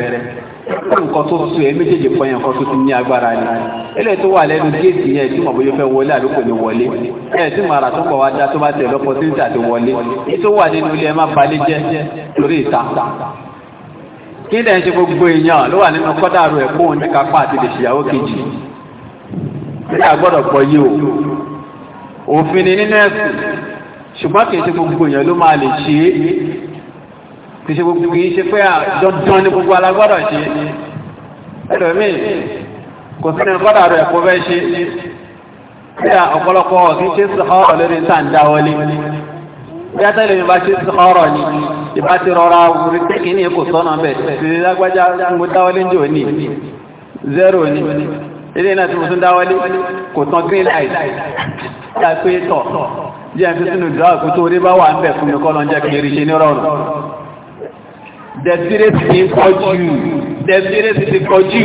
nǹkan tó sún ẹ méjèèjì pọ̀ yẹn nǹkan tó ti ní agbára ni eléyìí tó wà lẹ́nu géètì yẹn tí fẹ́ wọlé àlùkò ní wọlé ẹ̀ tí màrà tó bọ̀ wá dá tó bá tẹ̀ lọ́pọ̀ tí ń wọlé tó wà nínú ilé ẹ má balẹ̀ jẹ́ lórí ìta kí lẹ́yìn gbogbo èèyàn ló wà nínú ní kápá àti kejì pọ̀ ni kì í ṣe gbogbo kì í ṣe pé dandan ní gbogbo alágbọ́dọ̀ ṣe ẹlòmíì kò sí ní gbọ́dọ̀ rẹ̀ kó fẹ́ ṣe pé ọ̀pọ̀lọpọ̀ kì í ṣe sọ̀rọ̀ lórí níta ń dáwọlé bí a tẹ́lẹ̀ mi bá ṣe sọ̀rọ̀ ni ìbá ti rọra wùrí pé kì í ní kò sọ́nà bẹ́ẹ̀ ti lágbájá mo dáwọlé ń jò zero ni ilé náà tí mo tún dáwọlé kò tán green light láti pé tọ̀ jẹ́ àfi sínú ìdúrà kó tó rí bá wà ń bẹ̀ fún mi kọ́ lọ́njẹ́ kiri ṣe ní rọrùn The dẹ̀sírẹ́sì ti ń kọjú dẹ̀sírẹ́sì ti kọjú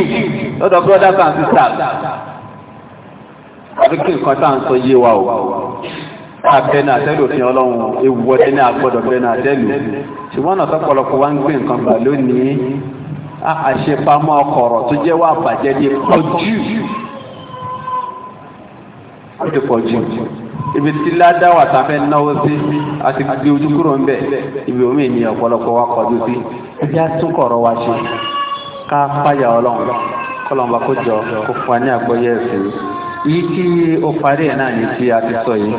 lọ́dọ̀ brothers and sisters àbí kí nǹkan tá à ń sọ yé wa o abẹ́nà àtẹ́lù òfin ọlọ́run ewu ọdẹ ní agbọ́dọ̀ bẹ́nà àtẹ́lù ṣùgbọ́n náà tọ́pọ̀lọpọ̀ wá ń gbé nǹkan gbà lónìí àṣepamọ́ ọkọ̀ọ̀rọ̀ tó jẹ́ wà bàjẹ́ di pọ̀jù ó ti pọ̀ jù ibi tí ládàwà tá a fẹ́ náwó sí àti gbé ojú kúrò ibi omi ni ọ̀pọ̀lọpọ̀ wa kọjú sí ibi àtúnkọ̀rọ̀ wa ṣe ká ọlọ́run kó jọ kó fún wa ní àgbọ́yé ẹ̀sìn yìí kí o parí ẹ̀ náà ní a ti sọ yìí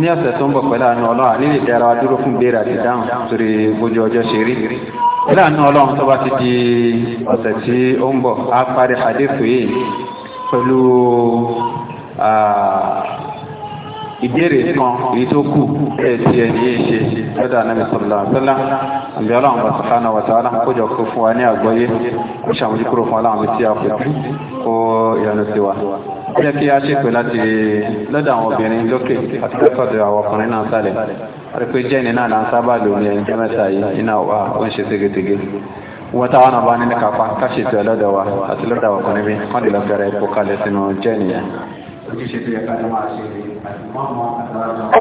ní ọ̀sẹ̀ tó ń bọ̀ pẹ̀lú àánú ọlọ́run wa dúró fún àti dáhùn torí ọjọ́ ṣe rí pẹ̀lú àánú ọlọ́run tó bá ti di ọ̀sẹ̀ tí ó Ah, ìbéèrè kan èyí tó kù ẹ̀ tí ẹ̀ ní ṣe lọ́dọ̀ anábì sallallahu alaihi wasallam àbí ọlọ́run bá subhanahu wa ta'ala kójọ kó fún wa ní àgbọ́yé kó ṣàmójú kúrò fún aláwọn tí a pẹ̀lú kó ìyanu sí wa. ó yẹ kí a ṣe pé láti lọ́dọ̀ àwọn obìnrin lókè àti lọ́sọ̀dọ̀ àwọn ọkùnrin náà sálẹ̀ àti pé jẹ́ni náà náà sábà lò ní ẹni mẹ́ta yìí iná wa ó ń ṣe ségesège. wọ́n táwọn náà bá ní kápá káṣètò ẹ̀ wa àti lọ́dọ̀ ọkùnrin bí wọ́n dì sínú jẹ́ni yẹn ojúṣe tó yẹ ká ló máa ṣe àtìmọ́mọ́ àtàràjọ.